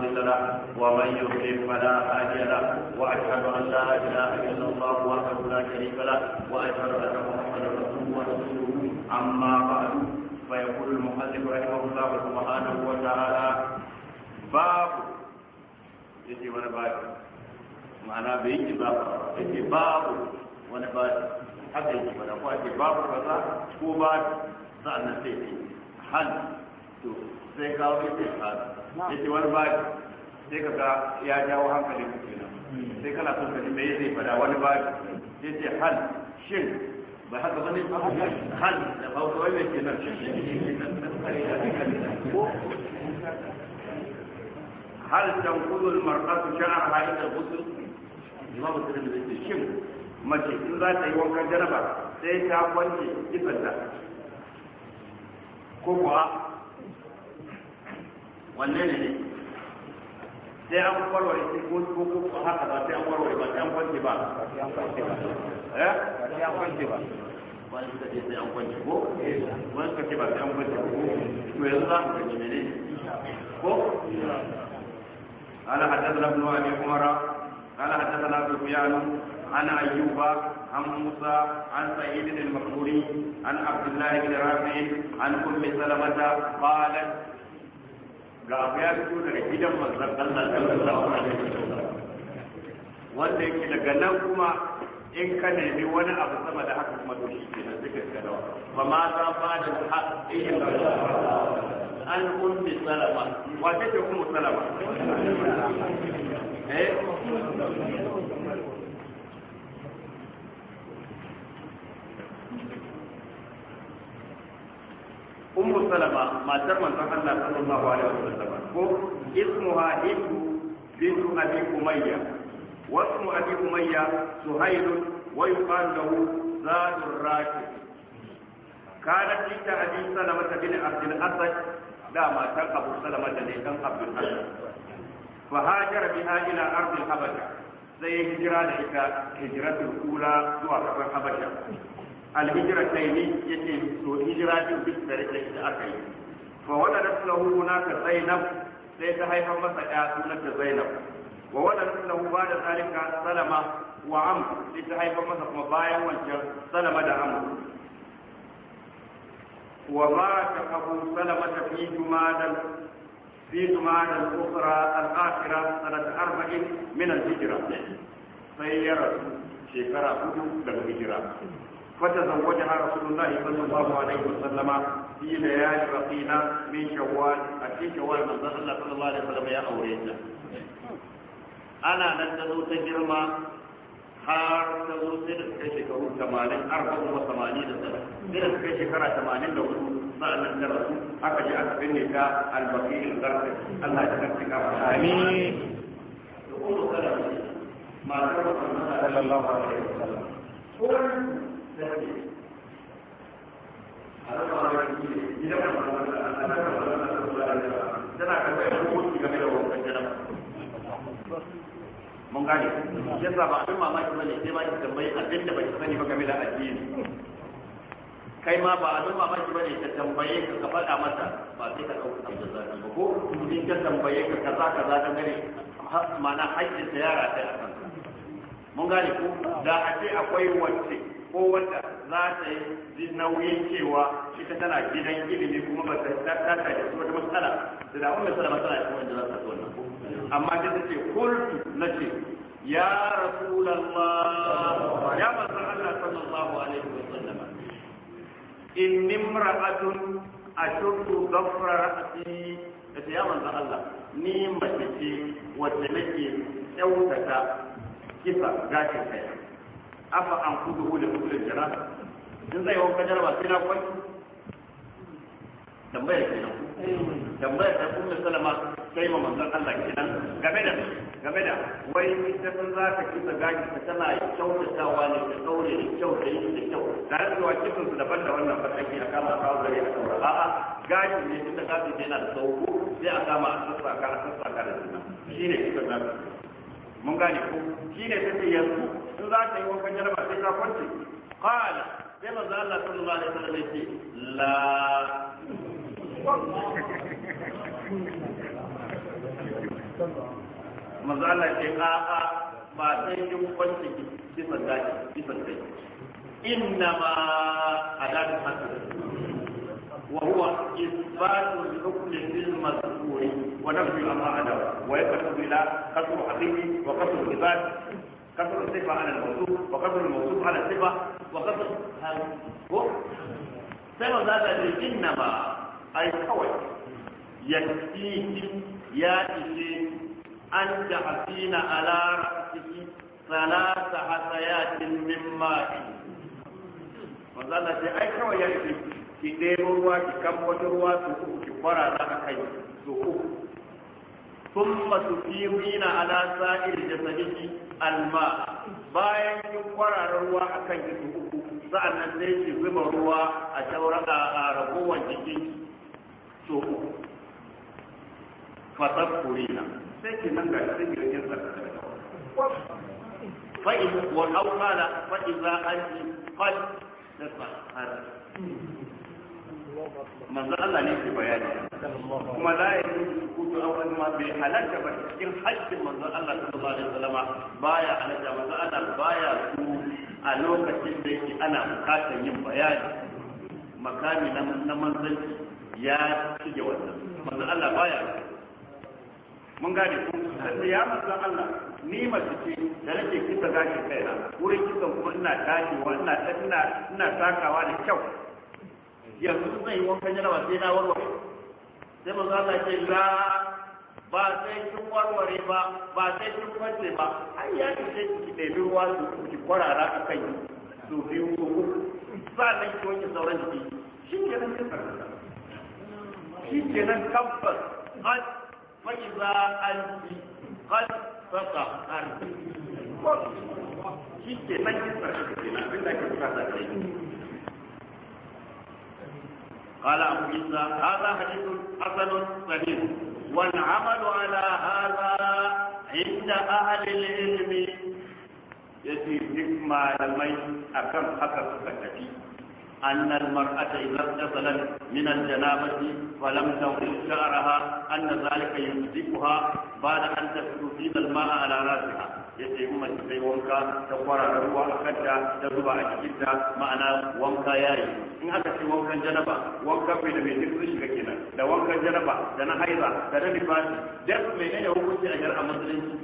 مضل له ومن يضلل فلا هادي له واشهد ان لا اله الا الله وحده لا شريك له واشهد ان محمدا رسوله ورسوله اما بعد فيقول المؤلف رحمه الله سبحانه وتعالى باب يجي وانا باب معناه بيجي باب يجي باب وانا باب haka yake ba da kwace babu kaza ko ba sa'annan sai ce hal to sai kawo ita ya ce wani ba sai ka ga ya jawo hankali ku kenan hmm. sai kana son ka me zai fada wani ba sai ce hal shin ba haka bane ba hal da hausa wai kenan hal tanqudul mar'atu sha'aha ila al-ghusl imam at-tirmidhi yace shin mace in za ta yi wankan jaraba sai ta kwance kifanta ko kuwa wannan ne sai an warware sai ko ko ko haka ba sai an warware ba sai an kwance ba sai an kwance ba eh sai an kwance ba wani suka ce sai an kwance ko wani suka ba sai an kwance ko to yanzu za mu gani ko قال حدثنا ابن ابي عمر قال حدثنا سفيان عن ايوب عن موسى عن سعيد المقبوري عن عبد الله بن رافع عن ام سلمه قالت ga abu ya fito daga gidan manzon Allah sallallahu alaihi wasallam wanda yake daga nan kuma in ka nemi wani abu sama da haka kuma to shi ke nan duka ga dawa fa ma za ba da haƙƙi an ummi salama wa take kuma salama eh ummu salama matar manzon Allah sallallahu alaihi wasallam ko ismuha hindu bintu abi umayya wa ismu abi umayya suhayl wa yuqal lahu zadur rakib kanat li abi salama bin abdul asad da matar abu salama da ne dan abdul asad fa hajara biha ila ardil habasha sai hijira da ita hijratul ula zuwa kasar habasha alhijira ta yi yace to hijira din duk da rike da aka yi fa wala naslahu hunaka zainab sai ta haifar masa ɗaya ya sunanta zainab wa wala naslahu ba'da zalika salama wa am sai ta haifar masa kuma bayan wancan salama da am wa mata abu salama ta fi jumadan في جمعة الأخرى الآخرة سنة أربع من الهجرة shekara شكرا هدو hijira. فتزوجها رسول الله صلى الله عليه وسلم في ليالي رقينا من شوال في شوال من الله صلى الله عليه وسلم يا أوريتا أنا نتزو تجرما har ta zo sai da suka shekaru 80 arba'in wa 80 da sana sai da suka shekara 80 da hudu sa'annan ta rasu aka ji aka binne ta albaqi al-zarfi Allah ya tsaka amin da sallallahu alaihi wasallam mun gane yasa ba abin mamaki bane sai ma ki tambayi abin da baki sani ba game da addini kai ma ba abin mamaki bane ka tambaye ka ka faɗa ba sai ka ɗauka da zafi ba ko in ka tambaye ka kaza kaza gane ma'ana haƙƙin ta yara ta mun gane ko da a ce akwai wacce ko wanda za ta yi nauyin cewa shi ta tana gidan ilimi kuma ba ta ta ta ta da wata matsala da da wannan matsala matsala ta wanda za ta tsona amma da take kultu nace ya rasulullah ya manzon Allah sallallahu alaihi wasallam inni imra'atun ashuddu ghafra ra'si da ya manzon Allah ni mace ce wacce nake kyautata kisa gashin kai afa an kudu da kudin jana in zai wanka jaraba sai na kwai tambayar ke nan tambayar ta kuma salama sai ma manzon Allah ke nan game da game da wai ta san za ka kisa gaji ta tana kyautatawa ne ta daure da kyau da yin da kyau da rantsuwa kisan su daban da wannan fataki a kama kawo gare a kawo a'a gaji ne tun tunda gaji yana da sauko sai a kama a sassa ka a sassa ka da juna shine kisa gaji mun gane ko shi ne sai yanzu in za ta yi wankan jaraba sai ka kwance qala sai manzo Allah sallallahu alaihi wasallam ya ce la manzo Allah ya ce a a ba sai kin kwance ki bisa daki bisa daki inna ma adadu hasan وهو إثبات الحكم في المذكور ونفي ما عداه ويقصد إلى قصر حقيقي وقصر إثبات قصر الصفة على الموصوف وقصر الموصوف على الصفة وقصر هل هو سبب هذا إنما أي يكفيه يا يأتي أن تحسين على رأسه ثلاث حسيات من ماء وقال أي كوي يكفيه ki ɗebo ruwa ki kamfata ruwa su uku ki kwarara a kai su uku na ala sa'ir da sadiki alma. bayan kin kwarara ruwa akan ki uku nan sai ki zuba ruwa a sauran a ragowar jikin so uku fatar kurina sai ki nan ga sai ki da kawai fa'in wa qala fa idza fa'in da tasahar manzo Allah ne ke bayani kuma za a yi hutu a wani ma bai halatta ba cikin haƙƙin manzo Allah sallallahu alaihi wasallam baya halatta manzo Allah baya su a lokacin da yake ana bukatar yin bayani makami na manzanci ya shige wannan manzo Allah baya mun gane ku sai ya manzo Allah ni mace ce da nake kisa gashi kaina wurin kisan kuma ina tashiwa ina ina ina takawa da kyau yanzu zai wankan jaraba sai na warware sai manzo Allah ce la ba sai kin warware ba ba sai kin kwace ba ai ya ce sai ki ɗebi ruwa su ki kwarara a kai su biyu uku sannan ki wanke sauran jiki shi ke nan ka farka shi ke nan tabbas qad fa iza anti qad faqa arti shi ke nan ki farka ke abin da ke farka kai قال أبو عيسى هذا حديث حسن صحيح والعمل على هذا عند أهل العلم يجي حكمة لمن أكم حكم فكتي أن المرأة إذا اغتسلت من الجنابة ولم تغسل شعرها أن ذلك يمسكها بعد أن تسكب الماء على رأسها ya ce in mace sai wanka ta kwarara ruwa a kanta ta zuba a jikinta ma'ana wanka ya yi in aka ce wankan janaba wanka mai da mai duk shiga kenan da wankan janaba da na haiza da na nifasi duk menene hukunci a jar'a musulunci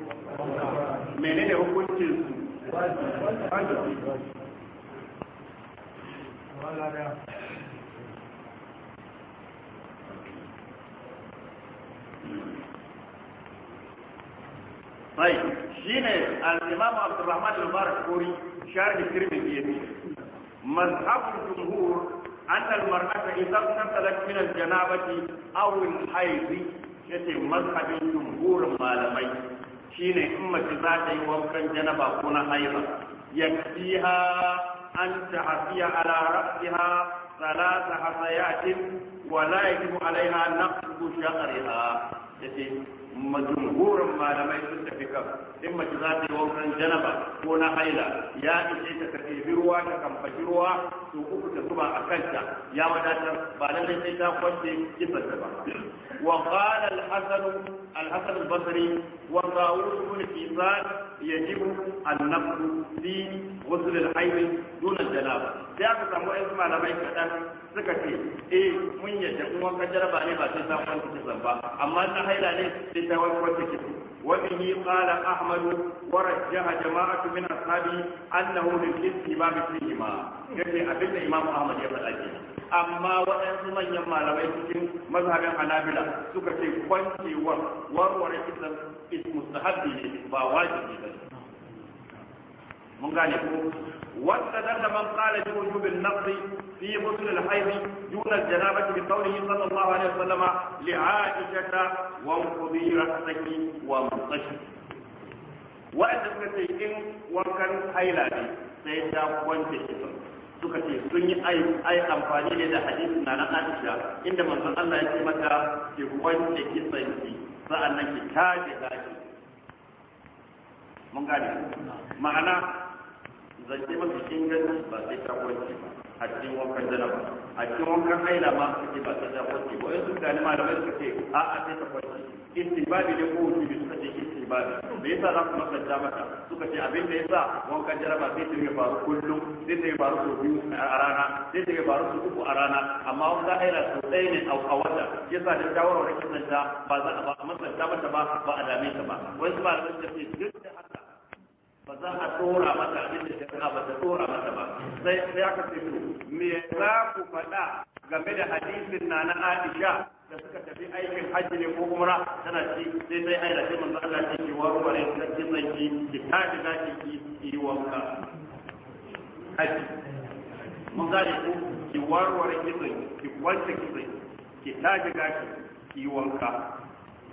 menene hukuncin su Thank you. Baik, shine al-Imam Abdul Rahman al-Barkuri sharhi kirmi ke ne. Mazhab al-Jumhur anna al-mar'ata idza tamtalak min al-janabati aw al-hayd yace mazhab al-Jumhur malamai shine in mace za ta yi wankan janaba ko na haila ya fiha an ta hafiya ala rafiha salata hasayatin wa la yajibu alaiha naqdu shahriha yace majumhurin malamai sun tafi kan in mace za ta yi wankan janaba ko na haila ya ce ta ka tebi ruwa ta kamfashi ruwa to uku ta zuba a kanta ya wadatar ba lallai sai ta kwace kifar ta ba wa qala al-hasan الحسن البصري والطاووس بن كيسان يجب النفس في غسل الحيض دون الجنابة sai aka samu ɗan malamai kaɗan suka ce eh mun yadda in wanka jaraba ne ba sai ta wanke kisan ba amma na haila ne sai ta wanke kisan وبه قال أحمد ورجح جماعة من أصحابه أنه للإستمام فيهما. يقول أبن الإمام أحمد يقول amma waɗansu manyan malamai cikin mazhabin hanabila suka ce kwancewar warware kisan is mustahabbi ne ba wajibi ba mun gane ko wanda da da man qala bi wujubin nafsi fi ghusl al-hayd dun al-janabati bi qawlihi sallallahu alaihi wasallam li aishata wa qudira saki wa mutashi wa idan kace in wankan haila ne sai ta kwance kisan suka ce sun yi ai amfani ne da hadisi na nan Aisha inda manzon Allah ya ce mata ki wanke kitsan ki sa'annan ki taje zaki mun gane ma'ana zance kin inganci ba sai ka wanke ba a cikin wankan janaba a cikin wankan aila ma suka ba sai ka wanke ba wai su gane malamai suka ce a a sai ta wanke istibabi ne ko wuce suka ce ibada me yasa za ku matsanta mata suka ce abin da yasa wankan jaraba sai ta faru kullum sai ta faru sau biyu a rana sai ta faru sau uku a rana amma wanda aira sau ɗaya ne a wata yasa da shawarar ta ba za a matsanta mata ba ba a dame ta ba su ba da ce duk da haka ba za a tsora mata abin da ka ba ta tsora mata ba sai sai aka ce me za ku faɗa game da hadisin na na Aisha da suka tafi aikin hajji ne ko umra tana ci sai sai da sai manzo Allah ya ce wa ne sarki sarki ki ta da ki yi wanka hajji mun gane ku ki warware kitsin ki wanke kitsin ki ta da ki yi wanka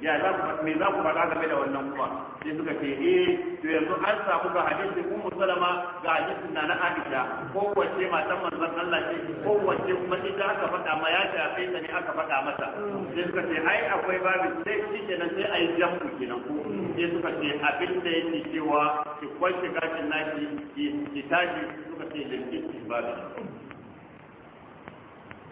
ya za ku me za ku faɗa game da wannan kuma sai suka ce eh to yanzu an samu ga hadisin ummu salama ga hadisin na na aisha ko wacce matan manzon Allah ce ko wacce kuma ita aka faɗa ma ya shafe ta ne aka faɗa mata sai suka ce ai akwai babu sai shi kenan sai ai jamu kenan ko sai suka ce abin da yake cewa ki kwanci gashin naki ki tashi suka ce da ki babu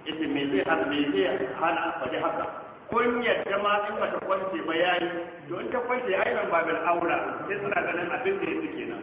ita me zai hana faɗi haka Kunya da ma in ta kwance ba yayi don ta kwance ai nan babin aura sai suna ganin abin da yake kenan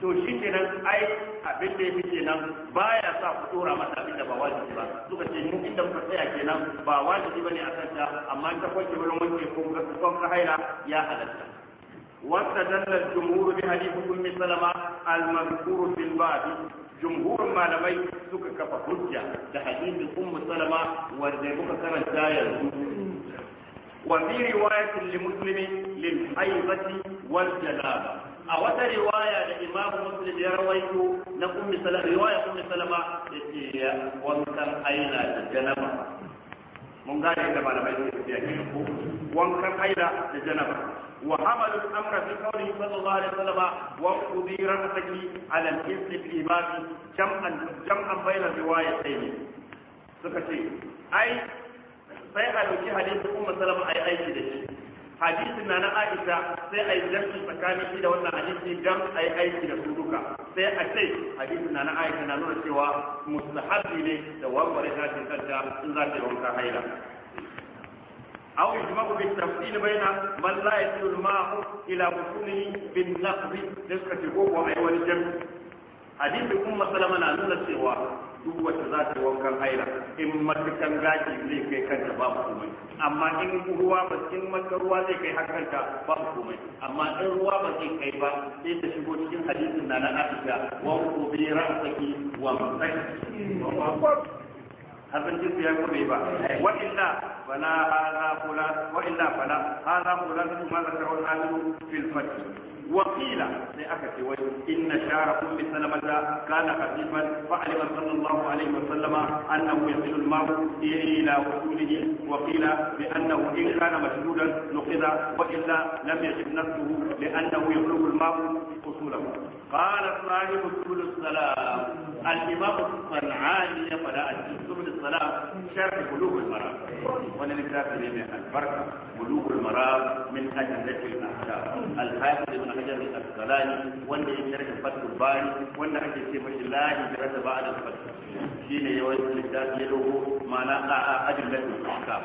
to shi kenan ai abin da yake kenan baya sa ku dora mata abin da ba wajibi ba suka ce mun inda muka tsaya kenan ba wajibi bane a kanta amma ta kwance wurin wanke ko ka haira ya halatta dalla jumhur bi hadith ummi Salama, al mazkur fil malamai suka kafa hujja da hadisin ummu salama wanda muka karanta yanzu وفي رواية لمسلم للحيضة والجنابة أو رواية لإمام مسلم يرويه نقوم بسلامة رواية أم سلمة وانكر أين الجنابة من قال إذا ما نبيت وانكر أين الجنابة وحمل الأمر في قوله صلى الله عليه وسلم وقضي رأسك على الإنس الإمام جمعا جمعا بين الروايتين سكتي أي sai a ɗauki hadisin kuma salama a yi aiki da shi hadisin na na aisha sai a yi zarfi tsakanin shi da wannan hadisi dan a yi aiki da su duka sai a ce hadisin na na aisha na nuna cewa musulhabi ne da warware tashin kanta in za ta yi wanka haila aw yujma'u bi tafsil bayna man la yasilu al-ma'u ila butunihi bin naqbi da suka ce ko ko ayi wani jami'i hadisi kuma salama na nuna cewa duk wata za ta wankan haila in matukan gashi zai kai kanta babu komai amma in ruwa ba in matukan ruwa zai kai har kanta babu komai amma in ruwa ba zai kai ba sai ta shigo cikin hadisin na na afirka wa ku bi ra'saki wa mutaki abin jinsi ya kuma ba wa illa فلا هذا فلان وإلا فلا هذا فلان ما ذكره الحامل في الفتح وقيل وجه إن شعر أم سلمة كان خفيفا فعلم صلى الله عليه وسلم أنه يصل الماء إلى وصوله وقيل بأنه إن كان مشدودا نقذ وإلا لم يجب نفسه لأنه يبلغ الماء أصوله قال صاحب سبل السلام الإمام الصنعاني فلا سبل السلام شرح بلوغ المرأة wani littafi ne mai albarka bulugul maram min ajallati al-ahkam al-hafiz ibn hajar al-asqalani wanda ya sharhi fathul bari wanda ake ce mashi la hijrata ba'da al-fath shine yawan littafi ya dogo ma'ana ajallati al-ahkam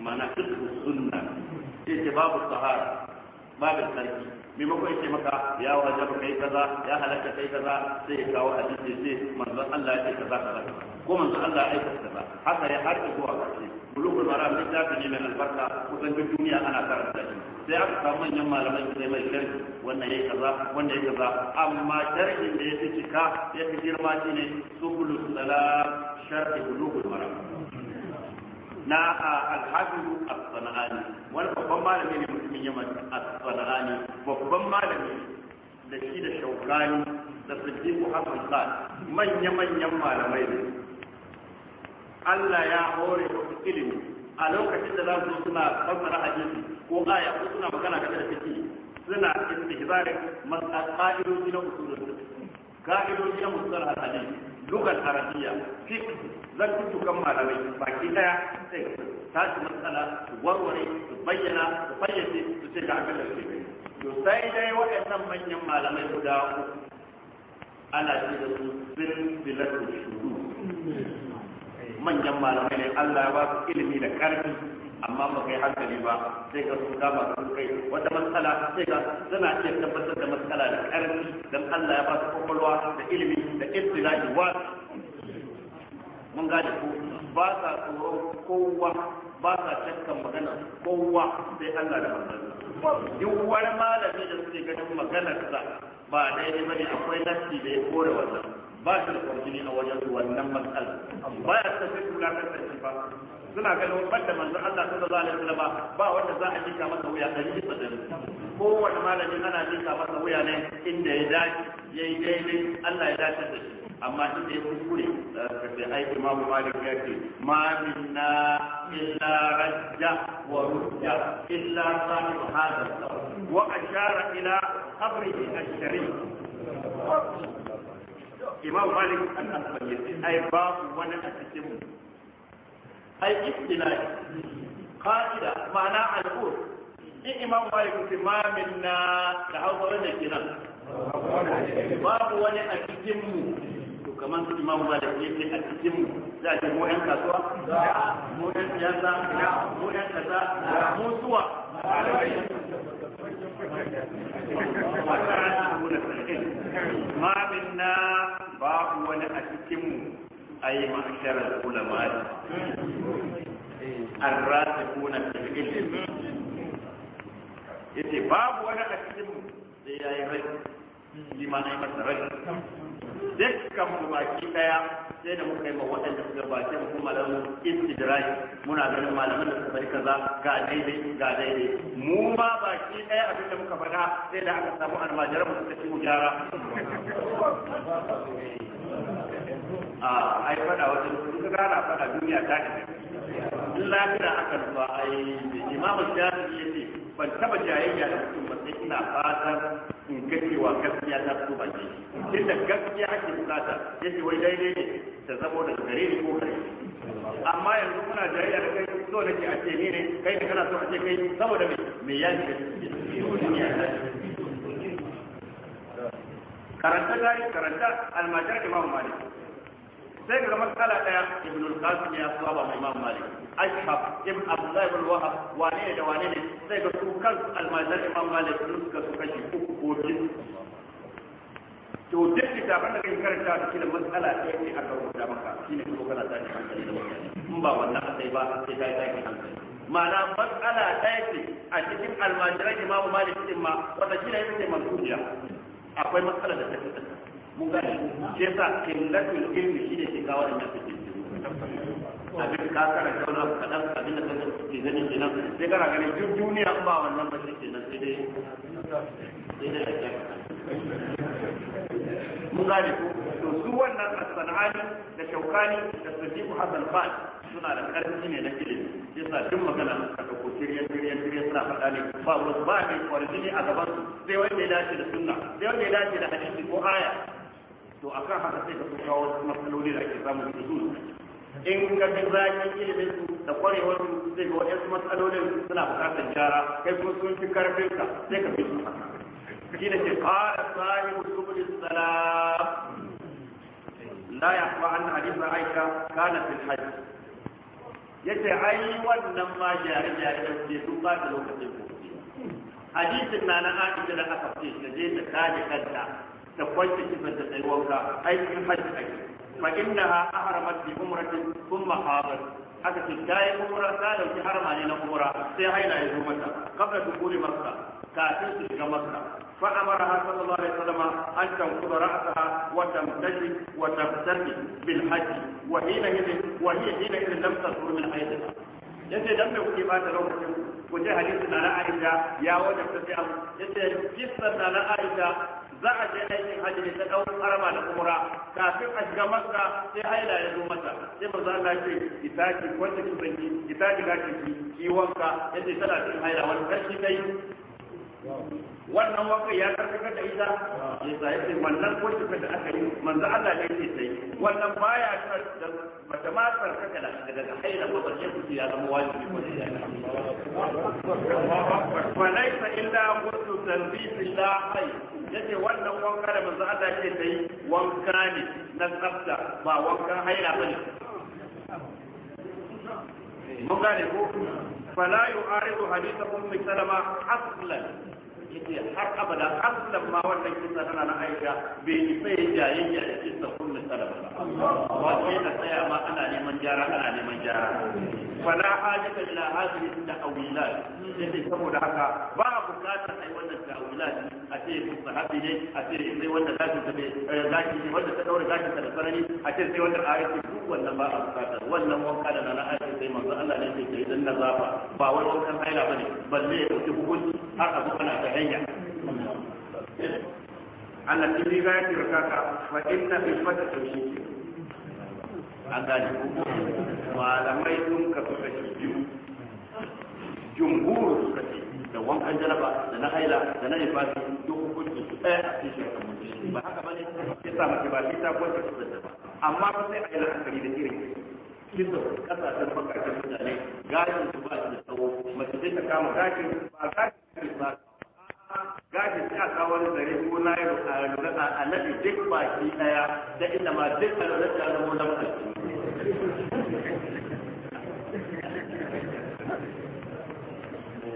ma'ana fiqh sunna yace babu sahara babu sarki maimakon yake maka ya waje kai kaza ya halaka kai kaza sai ya kawo hadisi sai manzo Allah ya ce kaza kaza ko manzo Allah ya aika kaza haka ya har zuwa kace bulugul maram littafi ne mai albarka kusan duk duniya ana karanta shi sai aka samu manyan malaman sai mai sharhi wannan yayi kaza wannan yayi kaza amma sharhin da ya fi cika yake girma shine subulus salam sharhi bulugul maram na alhafizu as-sanani wani babban malami ne mutumin yamma as-sanani babban malami da shi da shaukani da siddiqu hasan khan manya manyan malamai ne Allah ya hore musu ilimi a lokacin da za su suna fassara hadisi ko aya ko suna magana game da fiki suna masa mas'alatin na usulul fiqh ka'idoji na musulul hadisi lugar arabiya fi zan kan malamai baki daya sai ta tashi matsala su warware su bayyana su fayyace su ce ga abin da suke gani to sai dai waɗannan manyan malamai guda uku ana ce da su bin bilatu shuru manyan malamai ne Allah ya ba su ilimi da karfi amma ba kai hankali ba sai ka sun kama sun kai wata matsala sai ka suna ce tabbatar da matsala da karfi dan Allah ya ba su kwakwalwa da ilimi da ibtila'i wa mun gane ko ba sa tsoron kowa ba sa shakkan magana kowa sai Allah da manzon duk wani malami da suke ganin sa. ba daidai bane akwai lafi da ya kore wannan ba shi da kwarjini a wajen wannan matsala ba ya tafi da shi ba suna ganin banda manzon Allah sallallahu alaihi wasallam ba wanda za a jika masa wuya dari bisa ko wanda malami ana jika masa wuya ne inda ya dace yayi daidai Allah ya dace da shi amma inda ya kuskure da kace ai imamu malik ya ce ma minna illa rajja wa rujja illa sahib hadha wa ashara ila qabrihi ash-sharif imam malik an asbayi ai ba wani a cikin ai istilahi qa'ida ma'ana al-qur in imam malik fi ma minna da hausa da kenan babu wani a cikin mu to kamar su imam malik yake a cikin mu za a ce mu yan kasuwa mu yan siyasa mu yan kaza mu suwa ma minna babu wani a cikin mu أي معشر العلماء الراسخون في العلم yace babu wani a cikin da ya yi rai shi ma na yi masa rai dukkan mu baki daya sai da muka yi ma waɗanda suka bace mu kuma malamu istidrai muna ganin malaman da suka bari kaza ga daidai ga daidai mu ma baki daya abin da muka faɗa sai da aka samu almajiran mu suka ci mu gyara a ai fada wajen in ka ana fada duniya ta ne in lafiya aka rufa ai imamu shafi ya ce ban taba jayayya da mutum ba sai ina fatan in ga cewa gaskiya ta fito ba ce sai da gaskiya ake bukata ya ce wai daidai ne ta zamo daga gare ni ko gare amma yanzu muna jayayya da kai so nake a ce ni ne kai da kana so a ce kai saboda me me ya ce duniya ta karanta gari karanta almajar imam malik sai ga matsala ɗaya ibn al-qasim ya saba mai imam malik ashab ibn abdullah ibn wahab wane da wane ne sai ga su kan almajar imam malik sun ka su kashi uku ko biyu to duk kitabin da kai karanta da kila matsala ɗaya ne aka rubuta maka shine ko kana ta cikin hankali da wani in ba wannan sai ba sai ta ki hankali ma'ana matsala ɗaya ce a cikin almajiran imam malik din ma wanda shine yake mansujiya akwai matsala da ta mun gane shi yasa killatul ilmi shine ke kawo da nafi abin ka karanta wani abu kaɗan abin da kan ke ganin nan. sai kana ganin duk duniya ba wannan ba shi kenan sai dai sai dai da mun gane ko to su wannan as da shaukani da sadiq hasan khan suna da karfi ne na ilimi yasa duk magana ka dauko shirye shirye shirye suna faɗa ne ba wasu ba ne kwarjini a gaban sai wanda ya dace da sunna sai wanda ya dace da hadisi ko aya to a kan haka sai ka tuka kawo wasu matsaloli da ake samu da su in ka bi zaki ilimin su da kwarewar su sai ga wasu matsalolin suna bukatar gyara kai kuma sun fi karfin ka sai ka bi su shi da ke fara sahibu subul salam لا an hadisa aika kana كان في ya ce ai wannan ma gyare da suke sun ba da lokacin ko hadisin na na Aisha da aka fice da je ta kaje kanta da kwanci kifin da tsayi wanka aikin hajji ake fa innaha ahramat bi umratin thumma hadat aka ce tayi umra ta dauki harma ne na umra sai haila ya zo mata qabla dukuli makka kafin su shiga makka fa amaraha sallallahu alaihi wasallam an tanquda ra'saha wa tamtashi wa tabtaki bil hajji wa hina hina wa hiya hina hina lam tasur min haidha yace dan me kuke bata lokacin ku je hadisi na na Aisha ya wajabta sai abu yace kisan na na Aisha za a je aikin hajji ne ta ɗaurin arama da kumura kafin a shiga maska sai haila ya zo mata sai ba Allah ce ki taki wanda ki zanki ki taki zaki ki ki wanka yace tana cin haila wani kashi yi wannan wanka ya karfafa da ita ya sa yace wannan kurkuka da aka yi manzo Allah ne ta sai wannan baya da ta ma karkata da daga haila ba ba ya zama wajibi ko da ya ba illa tasbihillah ai yace wannan wanka da manzo Allah ke tayi wanka ne na tsafta ba wankan haila bane mun gane ko fala yu'aridu hadith ummi salama aslan yace har abada aslan ma wannan kisa tana na Aisha bai yi sai jayayya da kisa kullu salama wa ke da tsaya ma ana neman jara ana neman jara wala hajata ila hadhihi ta'wilat yace saboda haka ba bukatar ai wannan fulani a ce sahabi ne a ce sai wanda zaki ta zaki ne wanda ta zaki ta a ce sai wanda duk wannan ba a bukata wannan wanka da na ayat sai manzo Allah ne ba wai wankan haila bane balle ya dauki hukunci har abu ta hanya inna an malamai sun jumhur da wan an jaraba da na haila da na nifasi duk hukuncin su ɗaya a cikin shirkan mutum ba haka bane ya sa mace ba shi ta kwace kasar ba amma ba sai a yi la'akari da irin kizo kasashen bakashen mutane gashin su ba shi da tsawo mace ce ta kama gashin ba gashin ba sai a kawo wani zare ko na yi a a nabi duk baki ɗaya da inda ma duk a lura da mu alamolan aljihu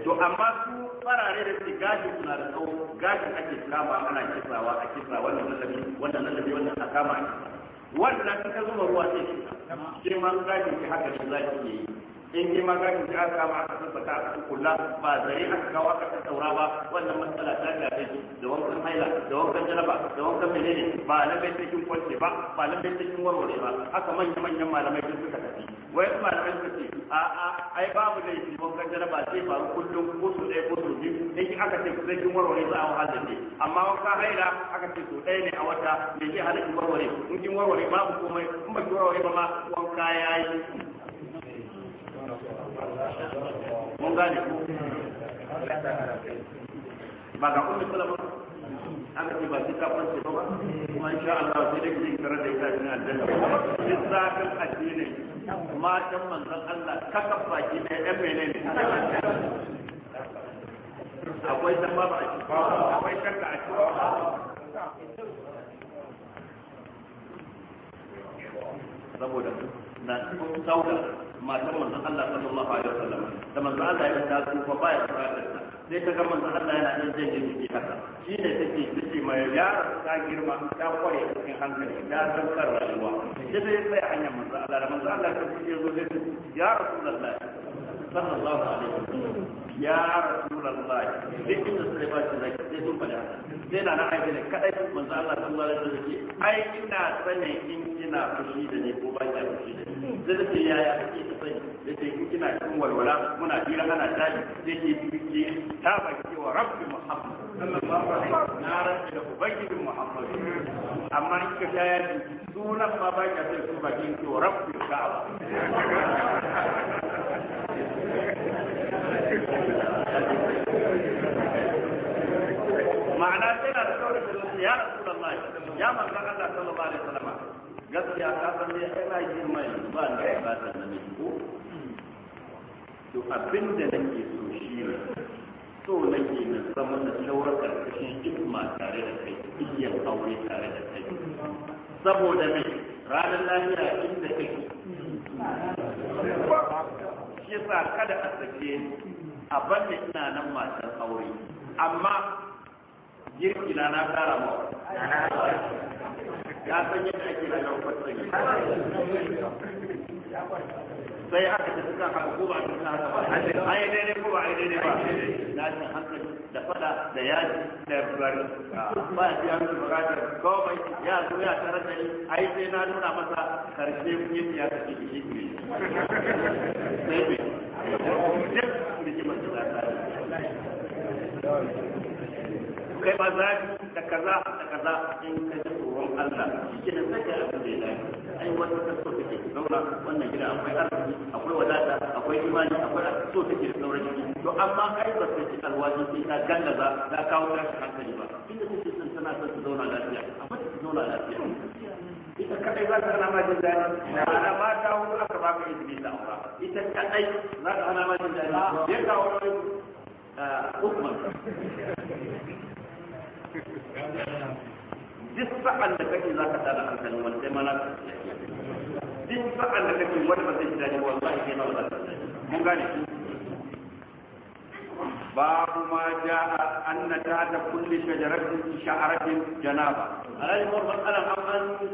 to amma su farare da su gashi suna da tsawo gashi ake kama ana kisawa a kisa wannan lalabi wannan lalabi wannan a kama a kisa wannan ka zuba ruwa sai kisa shi ma gashi haka shi za ki yi in girma ka ji aka kama aka san saka aka kula ba zai aka kawo aka san taura ba wannan matsala ta ga ji da wankan haila da wankan janaba da wankan menene ba na bai cikin kwance ba ba na bai cikin warware ba haka manyan manyan malamai sun suka tafi wai malamai suka ce a a ai babu shi wankan janaba sai faru kullum ko su ɗaya ko su biyu in aka ce ku sai kin warware za a wahalar ne amma wanka haila aka ce so ɗaya ne a wata me zai hana kin warware in kin warware babu komai in ba ki warware ba ma wanka yayi mun gane ba ga ummi salama an ka ba ba kuma insha Allah sai da ita cikin aljanna duk addini matan manzon Allah ka kafa ki ne ɗan akwai dan ba akwai shakka a saboda na matar manzon Allah sallallahu alaihi wasallam da manzon Allah ya ta su fa baya ta sai ta ga manzon Allah yana nan jin jin jiki haka shi ne take take mai yara ta girma ta kware cikin hankali ta daukar rayuwa sai ya yi tsaya hanyar manzon Allah da manzon Allah ta fice zo da ya rasulullahi sallallahu alaihi wasallam ya rasulullah duk inda sai ba shi zaki sai sun fada sai aiki ne kadai manzo Allah sallallahu alaihi ce ai ina sani in kina fushi da ni ko ba ki fushi da ni sai da ya ya kake ta sani da ke kina cikin walwala muna jira ana tashi sai ke ki ta ba ki rabbi muhammad sallallahu alaihi wasallam na rabbi da ubangiji muhammad amma in ka ya sunan ba ki rabbi ma'ana sai na da kawai da ya rasulullahi ya manzo Allah sallallahu alaihi wasallam gaskiya ka san ne ai na yi mai ba da ba da ne ko to abin da nake so shi ne so nake na zama da shawar karkashin hikma tare da kai iyyar aure tare da kai saboda ne ranar lafiya inda kake kisa kada a sake a banne ina nan matan aure amma girki na na kara ma ya san yadda ake da nan sai aka ta suka haka ko ba ta haka ba ai daidai ko ba ai daidai ba na cin hankali da fada da yaji da bari ba shi ya nuna bukatar kawai ya zo ya tare da ni ai sai na nuna masa karshe mun yi ya kake shi kai ma zafi da kaza da kaza in ka ji tsoron Allah shi ke nan sai abin da ya dace ai wata ta so take ki wannan gida akwai arziki akwai wadata akwai imani akwai so take da sauran jiki to amma kai ba ta ci alwaji sai ta ganda za ta kawo tashin hankali ba inda take son tana son ta zauna lafiya amma ta zauna lafiya ita kadai za ta hana ma jin daɗi ma'ana ta hudu aka ba ka izini da aura ita kadai za ta hana ma jin daɗi ya kawo wani hukumar duk sa'an da kake za ka tada hankali wani sai mana duk sa'an da kake wani ba zai ji daɗi wallahi sai ma ba ta ji mun gane babu ma ja'a anna ta kulli shajaratin sha'aratin janaba alai mu matsalan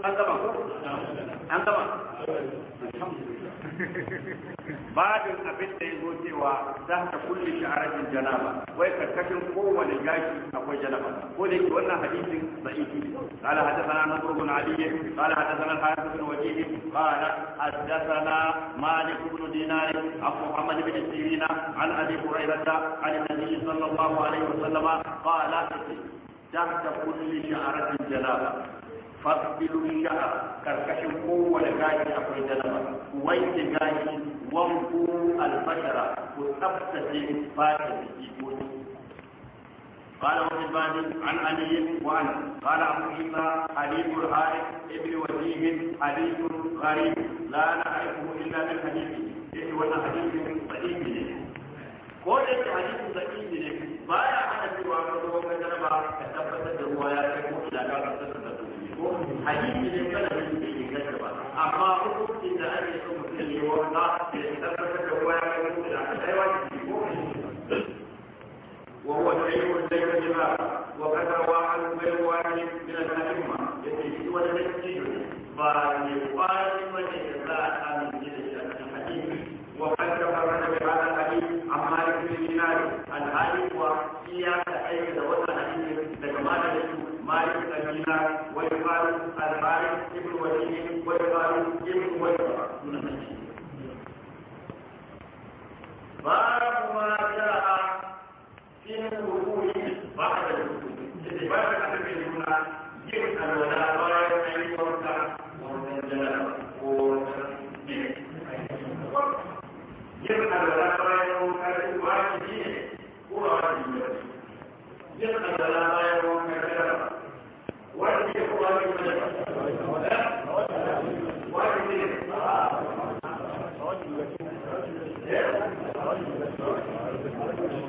babin abin da ya zo cewa dan ta kulle shi janaba wai karkashin kowanne gashi akwai janaba ko da yake wannan hadisin zaifi qala hadathana nabru bin ali qala hadathana harith bin wajid qala hadathana malik bin dinar abu muhammad bin sirina an abi hurairah an nabiy sallallahu alaihi wasallam qala tahta kulli shi janaba fasbilun sha'a karkashin kowane gashi akwai dalaba wanke gashi wanku albashara ku tsaftace fatan jiki ko قال وفي الباب عن علي وعنه قال ابو عيسى حديث الحارث ابن وجيه حديث غريب لا نعرفه الا من حديثه إيه ولا حديث ضعيف ko da ne cewa ka zo ka jarba ta tabbatar da ruwa ya kai ko hadisi ne kala da suke shekarta ba amma hukuncin da ake so mu fiye wa ta da ta tabbatar da kowa ya kai mutu da aka kai wani ciki ko kai yi wani zai kaji ba wa bai wa ne min al-hakim ma ya ce shi wani da ciki ne ba ne kwari mace da a samu ji da shi a wa kasa ba wani da ba a kaji amma ya fi na al-hakim wa shi ya ka aiki da wata daga malamin مالك بن ميلاد ويقال الحارث ابن وزير ويقال ابن وزير باب ما جاء في الوضوء بعد الوضوء بعد الوضوء yin alwala bayan an yi wanka wannan jana ko yin alwala bayan wanka shi wajibi ne ko ba Thank you.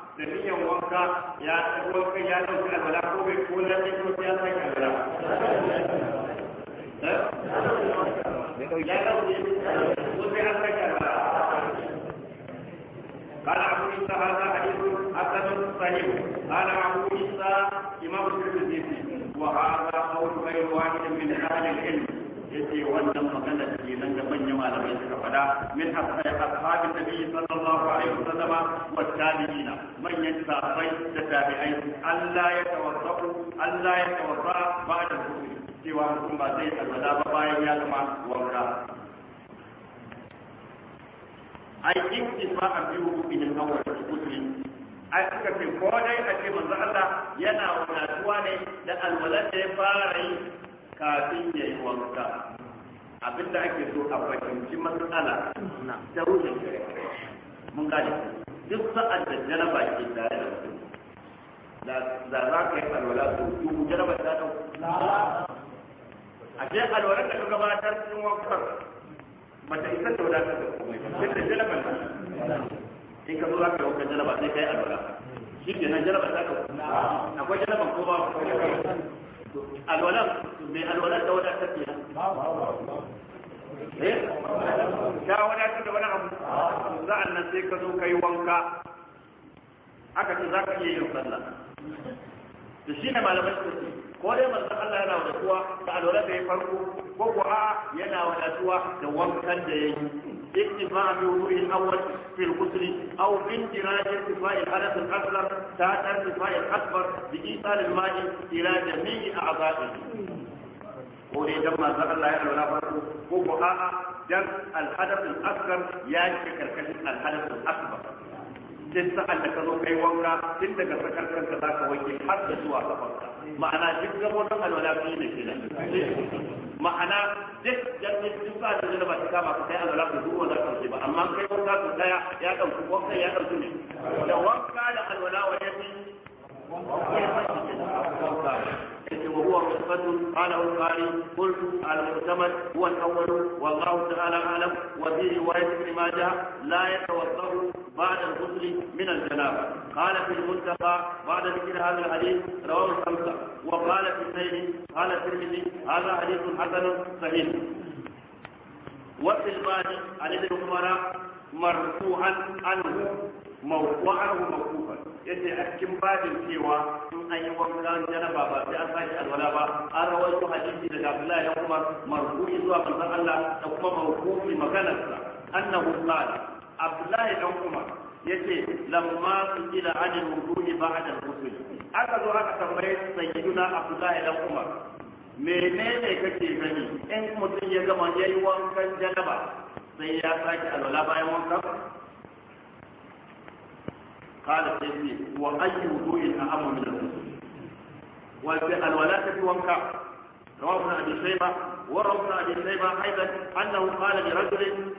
da niyan wanka ya wanka ya dauki alwala ko bai ko lalle ko ya sai alwala ya dauki ko sai an eh? sai alwala قال أبو عيسى هذا حديث حسن صحيح قال أبو عيسى إمام الترمذي وهذا قول غير واحد من أهل العلم wannan magana da ke nan da manyan malamai suka faɗa min ya ashabi nabi sallallahu alaihi wasallama wa tabi'ina manyan sahabbai da tabi'ai Allah ya tawassau Allah ya tawassa ba da hukumi cewa mutum ba zai alwala ba bayan ya zama wanka ai in isma'an bi bin awwal muslim ai suka ce ko dai a ce manzo Allah yana wadatuwa ne da alwalar da ya fara yi kafin ya yi wanka da ake so a fahimci matsala ta wucin mun gane duk sa'ad da janaba ke tare da mutum da za ka yi alwala to tuku janaba ta dau a ce alwalar da ka ta cikin wakar mata isa da wadatar da kuma duk da janaba in ka zo za ka yi wakar janaba sai ka yi alwala shi ke nan janaba ta dau akwai janaban ko ba alwalar mai alwalar da wadatar biya eh? ta wadatar da wani abu Za a nan sai ka zo ka yi wanka aka ce za ka iya yin sallah da shi ne malamai su ce ko dai manzon Allah yana wadatuwa da alwala da ya farko ko ko a yana wadatuwa da wankan da ya yi اتباع بوضوء الاول في الغسل او باندراج ارتفاع الحدث الاصغر تحت ارتفاع الاكبر بايصال الماء الى a اعضائه ko dai dan manzon Allah ya alwala farko ko ko a'a dan al-hadath al-asghar ya ke karkashin al-hadath al-akbar duk sa'an da ka zo kai wanka tun daga sakar kanka za ka wanke har da zuwa kafarka ma'ana duk gabon alwala biyu ne kenan ma'ana duk jami'in duk ba da zama ta kama ka kai alwala ku duk wanda ka ba amma kai wanka ku daya ya dauki wanka ya dauki ne da wanka da alwala wani ya fi وهو رتبة قال البخاري قلت المعتمد هو الأول والله تعالى أعلم وفي رواية ابن ماجه لا يتوضأ بعد الغسل من الجنابة قال في المنتقى بعد ذكر هذا الحديث رواه الخمسة وقال في النيل قال الترمذي هذا حديث حسن صحيح وفي الباب عن ابن عمر مرفوعا عنه mawdu'ahu mawqufan yace a cikin babin cewa in an yi wankan janaba ba sai an sake alwala ba an rawaito hadisi daga Abdullahi da Umar marfu'i zuwa manzon Allah da kuma mawqufi maganarsa annahu qala Abdullahi da Umar yace lamma ila anil wudu'i ba'da al-ghusl aka zo aka tambaye sayyiduna Abdullahi da Umar menene kake gani in mutum ya gama yayi wankan janaba sai ya sake alwala bayan wankan قال سيدي وأي وضوء أهم من الوضوء والولاء في وانكع رواه ابن أبي شيبة وروى ابن أبي شيبة أيضا أنه قال لرجل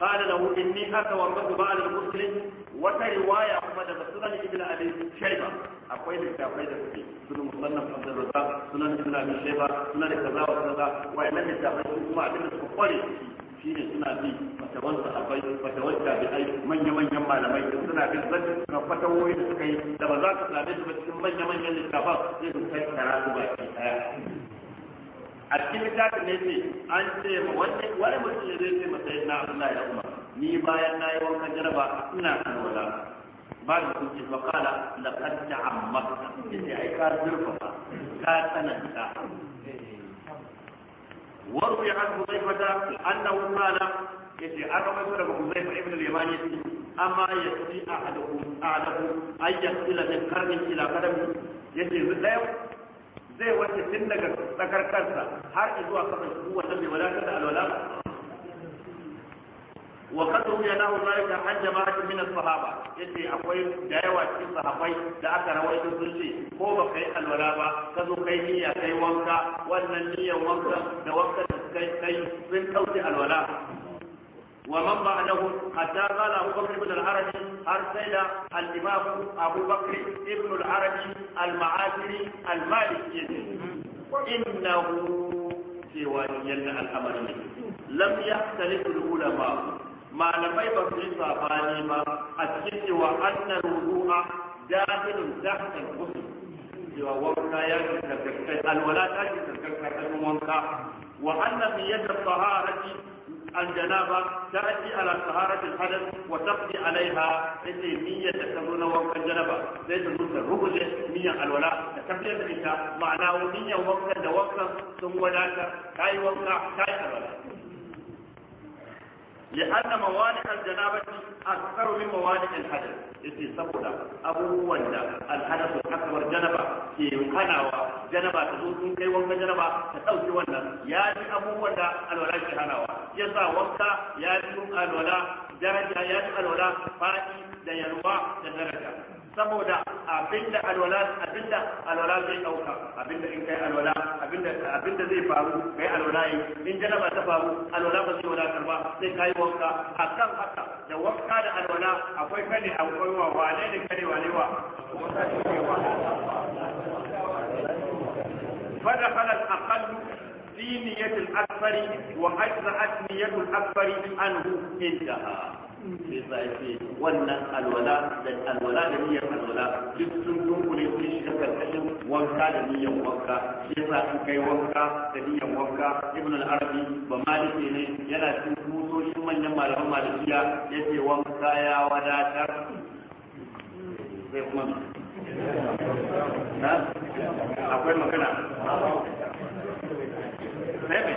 قال له إني أتوضأ بعد الغسل وترواية أحمد سنن ابن أبي شيبة اقول لك اقول لك سنن مصنف عبد الرزاق سنن ابن أبي شيبة سنن كذا وكذا وإن لم يتعبد ثم أعلمت بقولي shi ne suna bi abai, sahabbai bi ai manya-manyan malamai da suna bin zan suna fatawoyi da suka yi da ba za ka same su ba cikin manya-manyan littafan sai su kai ba baki daya a cikin littafin ne ce an ce ma wani wani mutum ne zai ce masa yin na Allah ya kuma ni bayan na yi wanka jaraba ina kan wala ba da kuke ba kala da kan ta'ammaka yace ai ka zurfa ka tsananta وروي عن حذيفة أنه قال يجي أنا مثلا حذيفة ابن اليمان أما يستطيع أحدكم أعلم أن يصل من قرن إلى قدم يجي لا زي wace tun ذكر tsakar kansa har zuwa هو kuwa ولا mai wadatar wa kad ruya lahu zalika an jama'atin min as-sahaba yace akwai da yawa cikin da aka rawaito sun ce ko ba yi alwala ba ka zo kai niyya kai wanka wannan niyyar wanka da wanka kai sun kauce alwala ومن بعده حتى قال أبو بكر بن العربي أرسل الإمام أبو بكر ابن العربي المعافري المالكي إنه في ولي الأمر لم يختلف العلماء malamai ba su yi sabani ba a cikin cewa annar ruwa dahilin tahtar gusu cewa wanka ya ji karkarkar alwala ta ji karkarkar wanka wa annan yadda saharati الجنابة تأتي على طهارة الحدث وتقضي عليها ليس مية تكملون وقت الجنابة ليس نوت الرجل مية الولاء تكمل الإنساء معناه مية وقت وقت ثم ولاك كاي وقت كاي الولاء لأن موانع الجنابة أكثر من موانع الحدث يتي سبودا أبو وندا الحدث الأكبر جنبة في يقنع جنبة من كي وانك جنبة تتوث وندا يأتي أبو وندا الولاء شهنوا يسا وانك يأتي الولاء درجة يأتي الولاء فائي دينوا درجة saboda abinda alwala abinda alwala zai dauka abinda in kai alwala abinda abinda zai faru kai alwala yi in janaba ta faru alwala ba zai wadatar ba sai kai wanka akan haka da wanka da alwala akwai kane akwai wa wale ne kane wale wa فدخل الأقل في نية الأكبر وأجزأت نية الأكبر عنه انتهى sai sa ce wannan alwala da alwala da niyyar alwala duk sun dunkule sun shiga karkashin wanka da niyyar wanka sai sa in kai wanka da niyyar wanka ibn al-arabi ba maliki ne yana cikin kusoshin manyan malaman malikiya yace wanka ya wadatar sai kuma akwai magana sai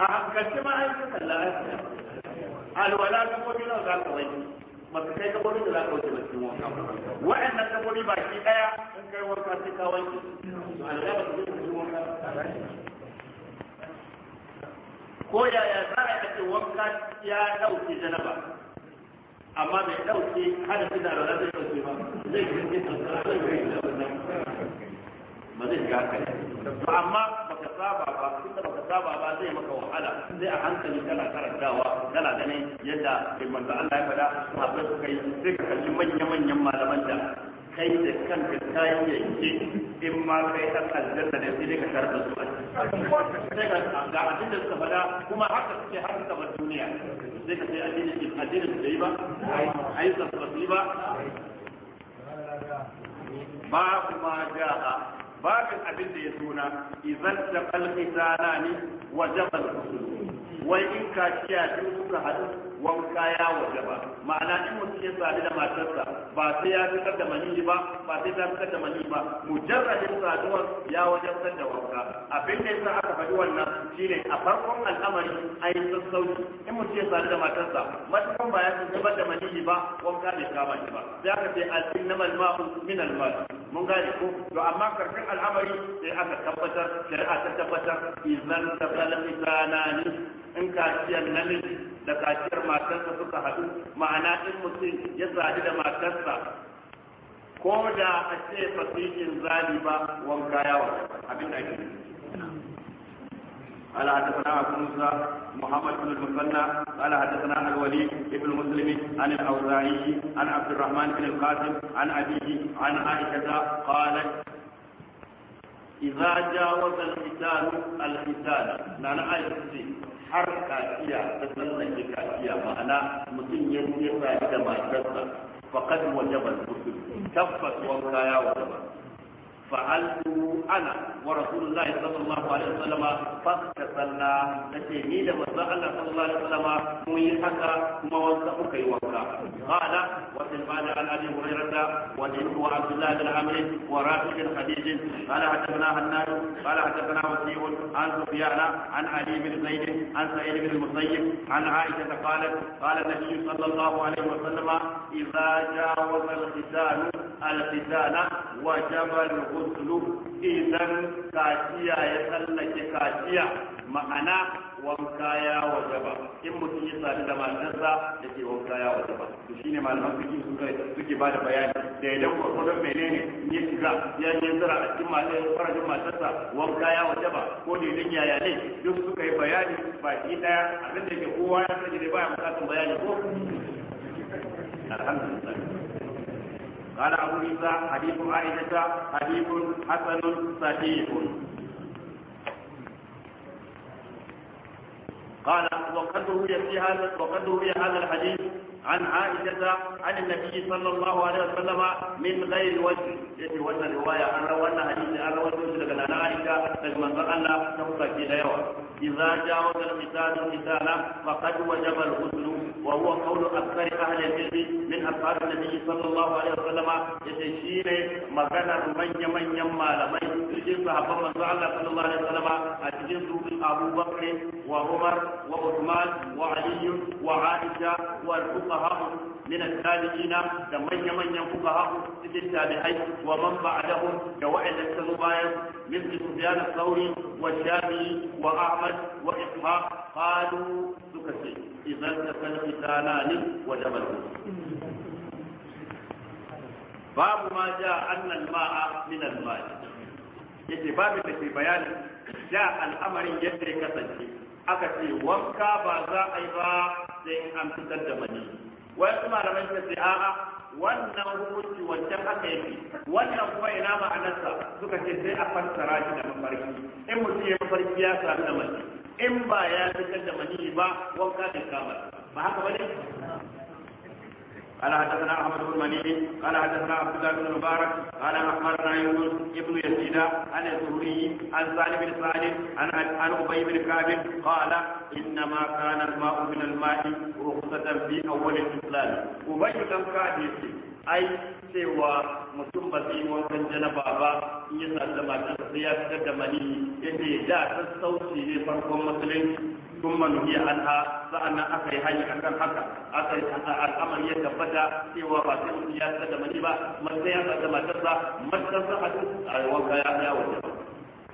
a hankalci ma an yi sallah an alwala na za ka wani masu kai gabobi da za ka wuce masu wanka wa'annan gabobi baki daya in kai wanka sai ka wanke alwala ba su zai wanka ko yaya za a yi wanka ya ɗauke janaba amma bai ɗauke hada su da rana zai ɗauke ba zai yi ba zai shiga haka to amma saba ba tunda baka saba ba zai maka wahala sai a hankali kana karantawa kana ganin yadda manzo Allah ya faɗa sahabbai suka yi sai ka kalli manyan manyan malaman da kai da kanka kayan yanke in ma kai ta aljanna da sai ka karɓa su sai ka ga abin da suka faɗa kuma haka suke har suka bar duniya sai ka sai addinin addinin da yi ba ai sa ba ba kuma ma ja'a babin abin da ya suna idan da kalkitana ne wa jabal wai in kaciya biyu suka haɗu wanka ya waje ba ma'ana in mutum ya sadu da matarsa ba sai ya fitar da mani ba ba sai ta fitar da mani ba mujarradin saduwar ya wajabtar da wanka abin da yasa aka faɗi wannan shine a farkon al'amari an yi sassauci in mutum ya sadu da matarsa matakan ba ya fitar da mani ba wanka bai kama shi ba sai aka ce al-innamal ma'u min al mun gane ko to amma karfin al'amari sai aka tabbatar shari'a ta tabbatar izan da kalmi tsanani in kaciyar namiji da kaciyar matarsa suka haɗu ma'ana in mutum ya zaɗi da matarsa ko da a ce fasikin zali ba wanka yawa abin da ake قال حدثنا ابو موسى محمد بن المثنى قال حدثنا الوليد بن مسلم عن الاوزاعي عن عبد الرحمن بن القاسم عن ابيه عن عائشه قالت إذا جاوز الختان الختان معنى آية الكرسي har kafiya ta tsallake kafiya ma'ana mutum ya yi da matarsa faqad wajaba al-ghusl tabbas wanka ya wajaba fa'altu ana wa rasulullahi sallallahu alaihi wasallam fastasalna ce ni da manzo Allah sallallahu alaihi wasallam mun yi haka kuma wanda muka yi wanka qala wa tilmana an abi hurairah wa ibn wa abdullah bin amr wa rafiq bin khadij qala hadathana hanad qala hadathana wasi' an sufyan an ali bin zaid an sa'id bin musayyib an aisha qalat qala nabiy sallallahu alaihi wasallam idza jawaza al-khitan al-khitan wa jabal uslu idan kaciya ya tsallake kaciya ma'ana wanka ya wajaba in mutum ya sami da matarsa da ke wanka ya wajaba to shine malaman fiqh suka suke bada bayani da idan ko ko gurgurdan menene ne ga ya ne zara a cikin matar farajin matarsa wanka ya wajaba ko ne idan yaya ne duk suka yi bayani ba shi daya abin da ke kowa ya sani ne ba ya bukatun bayani ko alhamdulillah قال أبو عيسى حديث عائشة حديث حسن صحيح قال وقد روي في هذا وقد روي هذا الحديث عن عائشة عن النبي صلى الله عليه وسلم من غير وجه يجي وانا رواية عن روانا حديث عن روانا لك أن عائشة تجمع الله تبقى في إذا جاوز القتال المثال فقد وجب الغسل وهو قول أكثر أهل العلم من أصحاب النبي صلى الله عليه وسلم يتشين مغنى من يمن يما لمن يجين صحابة من صلى الله عليه وسلم أتجين أبو بكر وعمر وعثمان وعلي وعائشة والفقهاء من التابعين من يمن فقهاء في التابعين ومن بعدهم كوائل السنبايا مثل سفيان الثوري والشافعي وأحمد وإسحاق qalu suka ce idan ka san kitana ne wa jabal babu ma ja annal ma'a min al ma'i yace babu da ke bayani ja al'amarin yadda ya kasance aka ce wanka ba za a yi ba sai an fitar da mani wasu malaman ta ce a'a wannan hukunci wancan aka yi wannan kuma ina ma'anarsa suka ce sai a fassara shi da mafarki in mutum ya mafarki ya sami da mace in ba ya zikar da mani ba wanka da kama ba haka ba ne قال حدثنا احمد بن مني قال حدثنا عبد الله بن مبارك قال اخبرنا يونس ابن يزيد عن الزهري عن سالم بن سالم عن عن ابي بن كعب قال انما كان الماء من الماء رخصه في اول الاسلام ابي بن كعب ai cewa mutum ba zai wankan janaba ba in ya sa sai ya fitar da mani yace da sassauci ne farkon musulunci kun manuhi anha sa'annan aka yi hanyar kan haka aka yi al'amar ya tabbata cewa ba sai mutum ya fitar da mani ba matsayin sa da matarsa matarsa a wanka ya ya ba.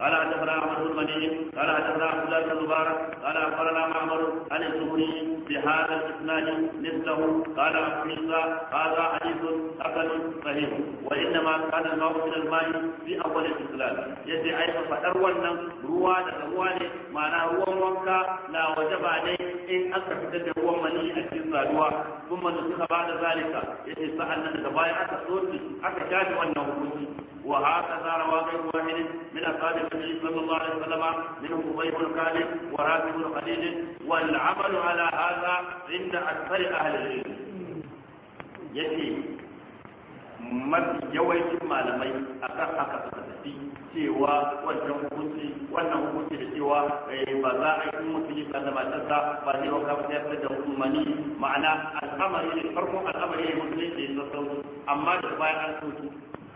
قال حدثنا عمرو بن المدين قال حدثنا عبد الله بن مبارك قال اخبرنا معمر عن الزهري بهذا الاسناد مثله قال ابو عيسى هذا حديث حسن صحيح وانما كان الماء من الماء في اول الاسلام يجي ايضا فدرولنا ruwa daga ruwa ne ma'ana ruwan wanka na wajaba ne in aka fitar da ruwan mani a cikin saduwa kuma da suka ba da zalika yace sa'an nan daga baya aka soke aka shafe wannan hukunci وهكذا روى غير واحد من أصحاب النبي صلى الله عليه وسلم منهم أبي بن كعب ورافع بن خليل والعمل على هذا عند أكثر أهل العلم يأتي mafi yawancin malamai a kan haka suka cewa wannan hukunci wannan da cewa ba za a yi mutum yi da matarsa ba zai wanka ba sai da hukumani ma'ana al'amari ne farkon al'amari ne ne amma da baya an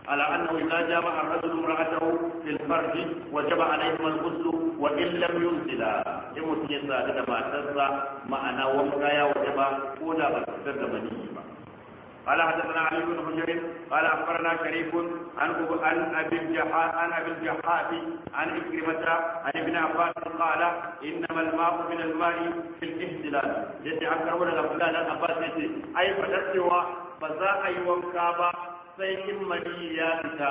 على أنه إذا جامع الرجل امرأته في الفرج وجب عليهما الغسل وإن لم ينزلا يموت يسا لما تسا معنا ومكايا وجب ولا بسر منيما قال حدثنا علي بن حجر قال اخبرنا شريف عن عن ابي الجحا عن ابي الجحاف عن عكرمة عن ابن عباس قال انما الماء من الماء في الاحتلال يدعي عبد الله بن عباس اي فتسوى فذا اي وانكابا sai in mani ya fita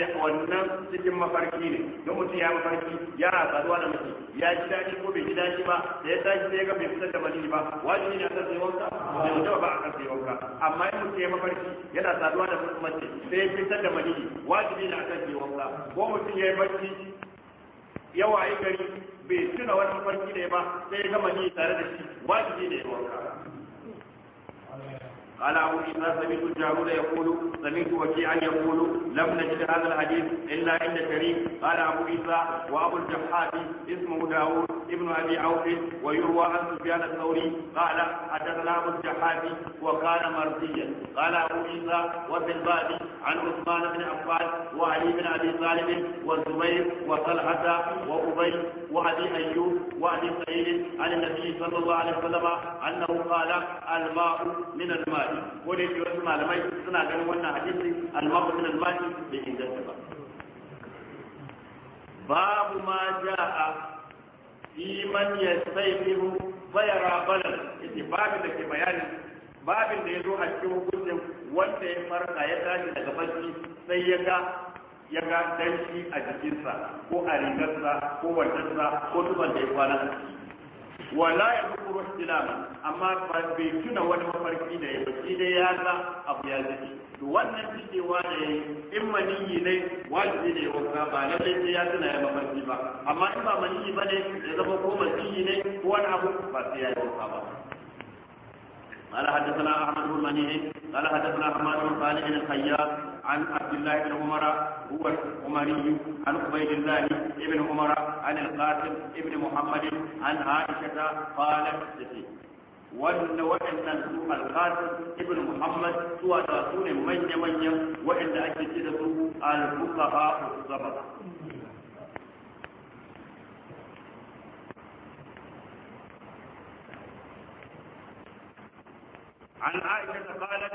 yace wannan cikin mafarki ne don mutum ya mafarki ya saduwa da mace ya ji daɗi ko bai ji daɗi ba da ya tashi sai ga bai fitar da mani ba wani ne a kan sai wanka da mutum ba a kan sai wanka amma in mutum ya mafarki yana saduwa da mace sai ya fitar da mani wani ne a kan sai wanka ko mutum ya yi barci yawa gari bai tuna wani mafarki ne ba sai ya gama ni tare da shi wani ne ya wanka. قال أبو إسحاق سمعت جارون يقول سمعت وكيعا يقول لم نجد هذا الحديث إلا عند كريم قال أبو إسحاق وأبو الجحافي اسمه داوود ابن أبي عوف ويروى عن سفيان الثوري قال حدثنا أبو الجحافي وقال مرضيا قال أبو إسحاق وفي الباب عن عثمان بن عفان وعلي بن أبي طالب والزبير وطلحة وأبي وأبي أيوب وأبي سعيد عن النبي صلى الله عليه وسلم أنه قال الماء من الماء su ko da yake wasu malamai suna ganin wannan hadisi al-maqam min al-mali bai inganta ba babu ma ja'a fi man yastaybihu fa yara balal yace babin da ke bayani babin da yazo a cikin hukuncin wanda ya farka ya tashi daga barci sai ya ga ya ga danshi a jikinsa ko a rigarsa ko wandansa ko tuban da ya kwana a ciki wala ya zukuru ihtilama amma ba bai tuna wani mafarki da ya ba shi dai ya abu ya zaki to wannan shi da yayi in maniyi ne wajibi ne wanda ba na dai sai ya tuna ya mafarki ba amma in ba maniyi ba ne ya zama ko maniyi ne ko wani abu ba sai ya yi wanka ba mala حدثنا احمد بن قال حدثنا حماد بن خالد الخياط عن عبد الله بن عمر هو العمري عن عبيد الله بن عمر عن القاسم بن محمد عن عائشه قالت wanda waɗannan su alƙasir ibn muhammad zuwa da su ne manya-manyan الفقهاء ake عن عائشة قالت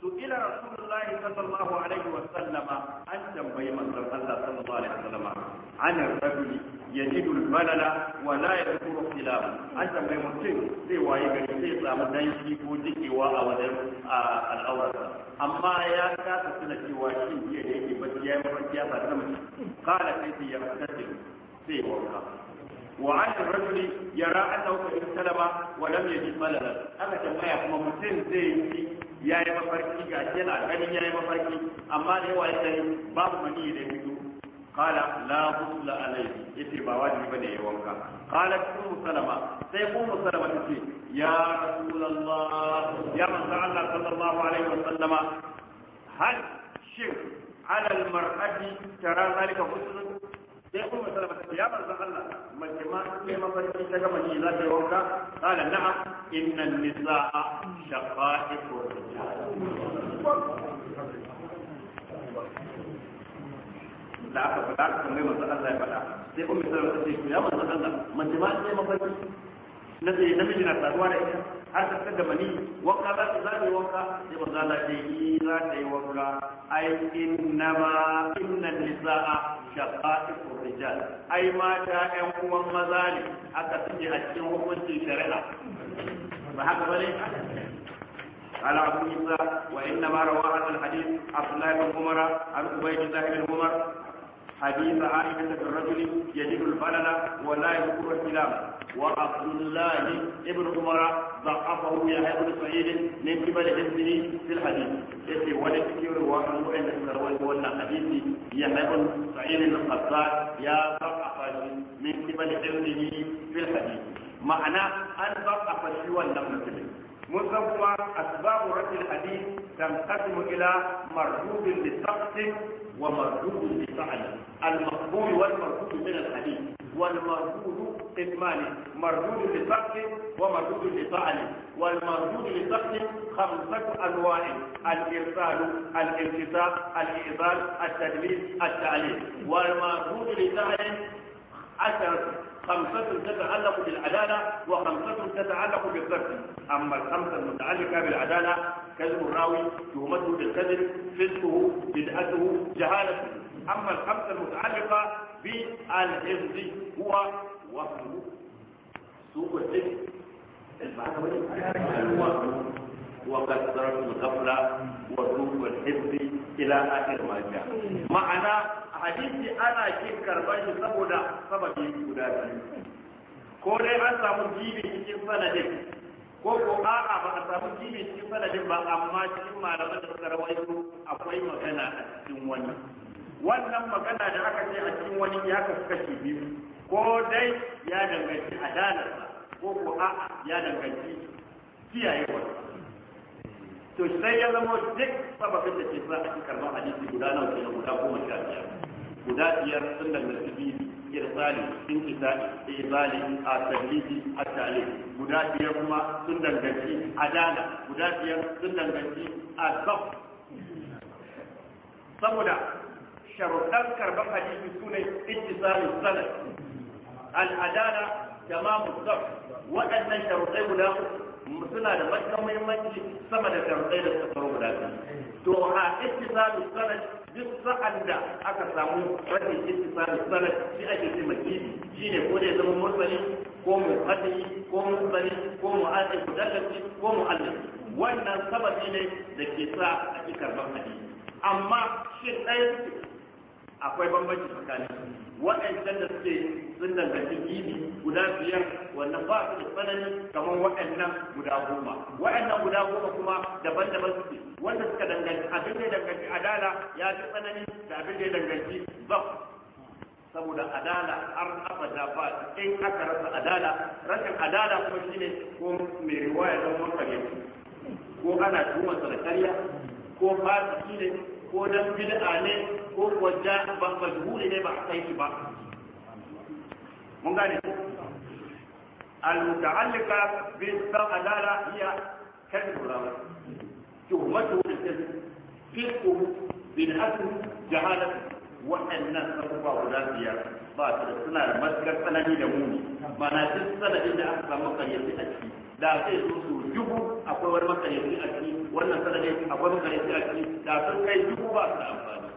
سئل رسول الله صلى الله عليه وسلم أن تنبي من الله صلى الله عليه وسلم عن الرجل يجد الملل ولا يذكر اختلافا أن تنبي من زي الله غني زي سام دنشي ko jikewa a wajen al'aurarsa amma ya kasa tuna cewa shin jiya da yake bacci ya yi mafarki ya sa ta mace وعن الرجل يرى أنه قد استلم ولم يجد مللا أما تنبيا كما مسلم زي يا يا مفركي كاتينا غني يا يا مفركي أما لي واي باب مني لي قال لا غسل عليه يتي با واجب بني يوانكا قالت أم سلمة سي أم سلمة تسي يا رسول الله يا من الله صلى الله عليه وسلم هل شر على المرأة ترى ذلك غسل sai kuma sallama ta ya Allah mace ma sai mafarki ta gama ni za ta yi wanka qala na'am innan nisaa da aka ka mai Allah ya faɗa sai kuma ya Allah mace ma na sai namiji na saduwa da ita har ta da mani wanka za ta zai wanka sai ba za ta yi za ta yi wanka ai inna ma inna nisaa shaqa'iqur rijal ai mata ƴan uwan maza ne aka suke a cikin hukuncin shari'a ba haka bane قال أبو عيسى وإنما روى هذا الحديث عبد الله بن عمر عن عبيد بن عمر حديث عائشة الرجل يجد البلل ولا يذكر الكلام وعبد الله ابن عمر ضعفه يحيى بن سعيد من قبل ابنه في الحديث يأتي ولكن رواية مؤمن سروي ولا حديث يحيى بن سعيد القصاد يا ضعفه من قبل ابنه في الحديث معناه أن ضعف الشيوخ لم نسلم مسمى أسباب رد الحديث تنقسم إلى مردود لسقط ومردود لفعل المقبول والمردود من الحديث والمردود قسمان مردود لسقط ومردود لفعل والمردود لسقط خمسة أنواع الإرسال الالتزام الإيصال التدليس التعليم والمردود لفعل عشرة خمسة تتعلق بالعدالة وخمسة تتعلق بالضبط أما الخمسة المتعلقة بالعدالة كذب الراوي تهمته بالكذب فسقه بدعته جهالته أما الخمسة المتعلقة بالحفظ هو وهمه سوق الحفظ وكثرة الغفلة وسوق الحفظ إلى آخر ما جاء معنى hadisi ana kin karban shi saboda sababi guda biyu ko dai an samu jibi cikin sanadin ko ko a'a ba a samu jibi cikin sanadin ba amma cikin malaman da suka rawaito akwai magana a cikin wani wannan magana da aka ce a cikin wani ya kasu kashi biyu ko dai ya danganci adalarsa ko ko a'a ya danganci kiyaye kiyayewa to sai ya zama duk sababin da ke sa a cikin karban hadisi guda nawa kenan guda goma sha biyar guda biyar sun danganci bibi irsali inkisali bali a tallifi a tale guda biyar kuma sun danganci adana, guda biyar sun danganci azab saboda sharuɗan karɓar hadisi su ne ittisalin sanad al-adala tamamu zab waɗannan sharuɗai guda uku suna da matuƙar muhimmanci sama da sharuɗai da suka guda biyu to a ittisalin sanad duk sa'an da aka samu rashin ittisali sanad shi ake ce makidi shine ko da ya zama mursali ko muqaddimi ko mursali ko mu'addi mudallaci ko mu'allif wannan sababi ne da ke sa ake karban hadisi amma shin ɗaya akwai bambanci tsakanin waɗannan da suke sun danganci gini guda biyar wannan ba su da tsanani kamar waɗannan guda goma waɗannan guda goma kuma daban-daban suke wanda suka danganci abin da ya danganci adala ya fi tsanani da abin da ya danganci ba saboda adala har abada ba in aka rasa adala rashin adala kuma shine ko mai riwaya don makarya ko ana tuhumar sa da karya ko fasiki ne ko dan bid'a ne ko wajja ba majhuli ne ba a kai shi ba mun gane المتعلقة بالعدالة هي كذب الرجل تهمته بالكذب فسقه بدعته جهالته waɗannan abubuwa guda biyar ba ta da suna da matukar tsanani da muni mana duk sanadin da aka samu karyaci a ciki da sai su su dubu akwai wani makaryaci a ciki wannan sanade akwai mutane sai a ciki da sun kai duk ba su da amfani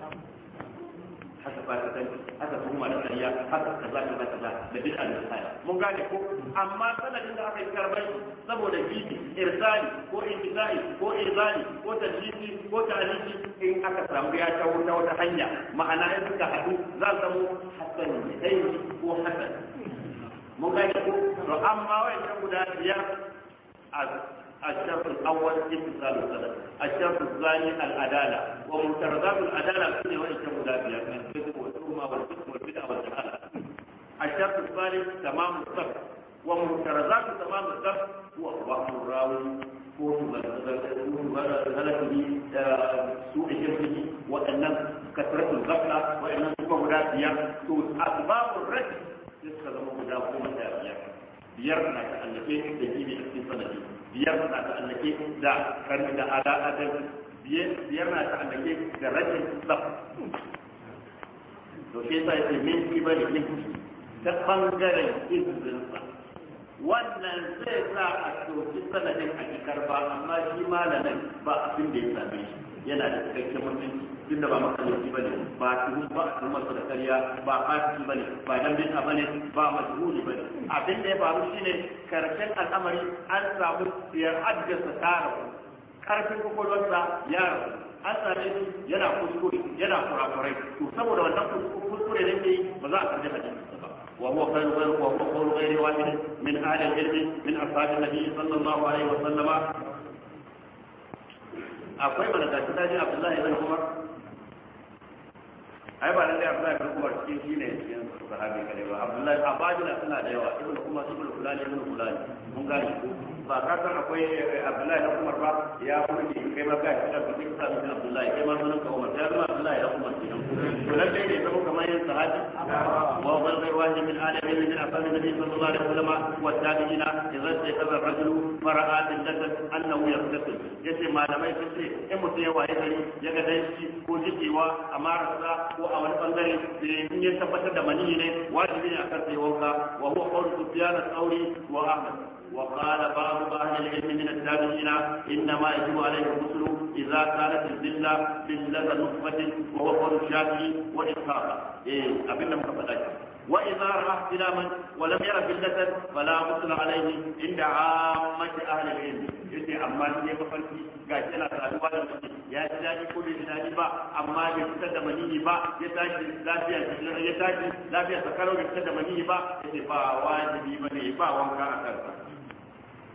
haka ba ta tanki haka kuma da tsariya haka kaza ba ta da bid'a da tsaya mun gane ko amma sanadin da aka yi karbar saboda bibi irsali ko intizai ko irzali ko tajlisi ko ta'lisi in aka samu ya ta wuta wata hanya ma'ana in suka haɗu za su samu hasan dai ko hasan mun gane ko to amma wai guda biyar a الشرط الأول استثال الصدق الشرط الثاني العدالة ومترادف العدالة كل وإن كان مدافعا من الكذب والتهمة والفتن والبدع والجهالة الشرط الثالث تمام الصدق ومترادف تمام الصدق هو وهم الراوي سوء شركه وأن كثرة الغفلة وأن سوء مدافعا أسباب الرد تسخذ مدافعا بيرنا كأن فيه تجيب biyar na ta'allake da karni da ala'adar biyar na ta'allake da rashin tsaf to shi yasa yake min kibali hinki ta bangaren izinsa wannan zai sa a soki sanadin a karba amma shi malamin ba abin da ya same shi yana da cikakken mutunci tunda da ba masallaci bane ba tuhu ba a kuma da kariya ba fasiki bane ba dan bid'a bane ba majhuli bane abin da ya faru shine karshen al'amari an samu ya haddasa tara karfin kokolwarsa ya rabu an same shi yana kuskure yana kurakurai to saboda wannan kuskure ne ke yi ba za a karbi hadisi ba وهو خير غير وهو قول غير واحد من اهل العلم من اصحاب النبي صلى الله عليه وسلم akwai malaka ta daji abdullahi ibn umar ai ba lalle Abdullahi bin Umar shi shi ne cikin sahabi kare ba Abdullahi abajina suna da yawa ibnu Umar ibnu Fulani ibnu Fulani mun gane ko ba ka san akwai eh, Abdullahi n'a Umar ba ya burge kai ma ga shi da kudin sa da Abdullahi kai ma sunan ka Umar sai ma Abdullahi da Umar kenan to nan dai ne zama kamar yin sahabi wa wal garwaji min alami min afami nabi sallallahu alaihi wasallam wa tabi'ina idza taqaba rajulu fara'a billahi annahu yaqtasu yace malamai sun ce in mutum ya waye gari ya ga dai ko jikewa a marasa ko a wani bangare sai eh, in ya tabbatar da mani ne wajibi ne a kan sai wanka wa huwa qawlu sufyan al-thawri wa ahmad وقال بعض أهل العلم من التابعين إنما يجب عليه الغسل إذا كانت الذلة ذلة نطفة وهو قول الشافعي وإسحاق إيه أبن مكفلاك وإذا رأى احتلاما ولم يرى ذلة فلا غسل عليه عند عامة أهل العلم yace amma ne mafarki ga shi yana saduwa da mutum ya ji daɗi ko bai ji daɗi ba amma bai fitar da maniyyi ba ya tashi lafiya ya tashi lafiya sakarau bai fitar da ba ba ba wanka a kansa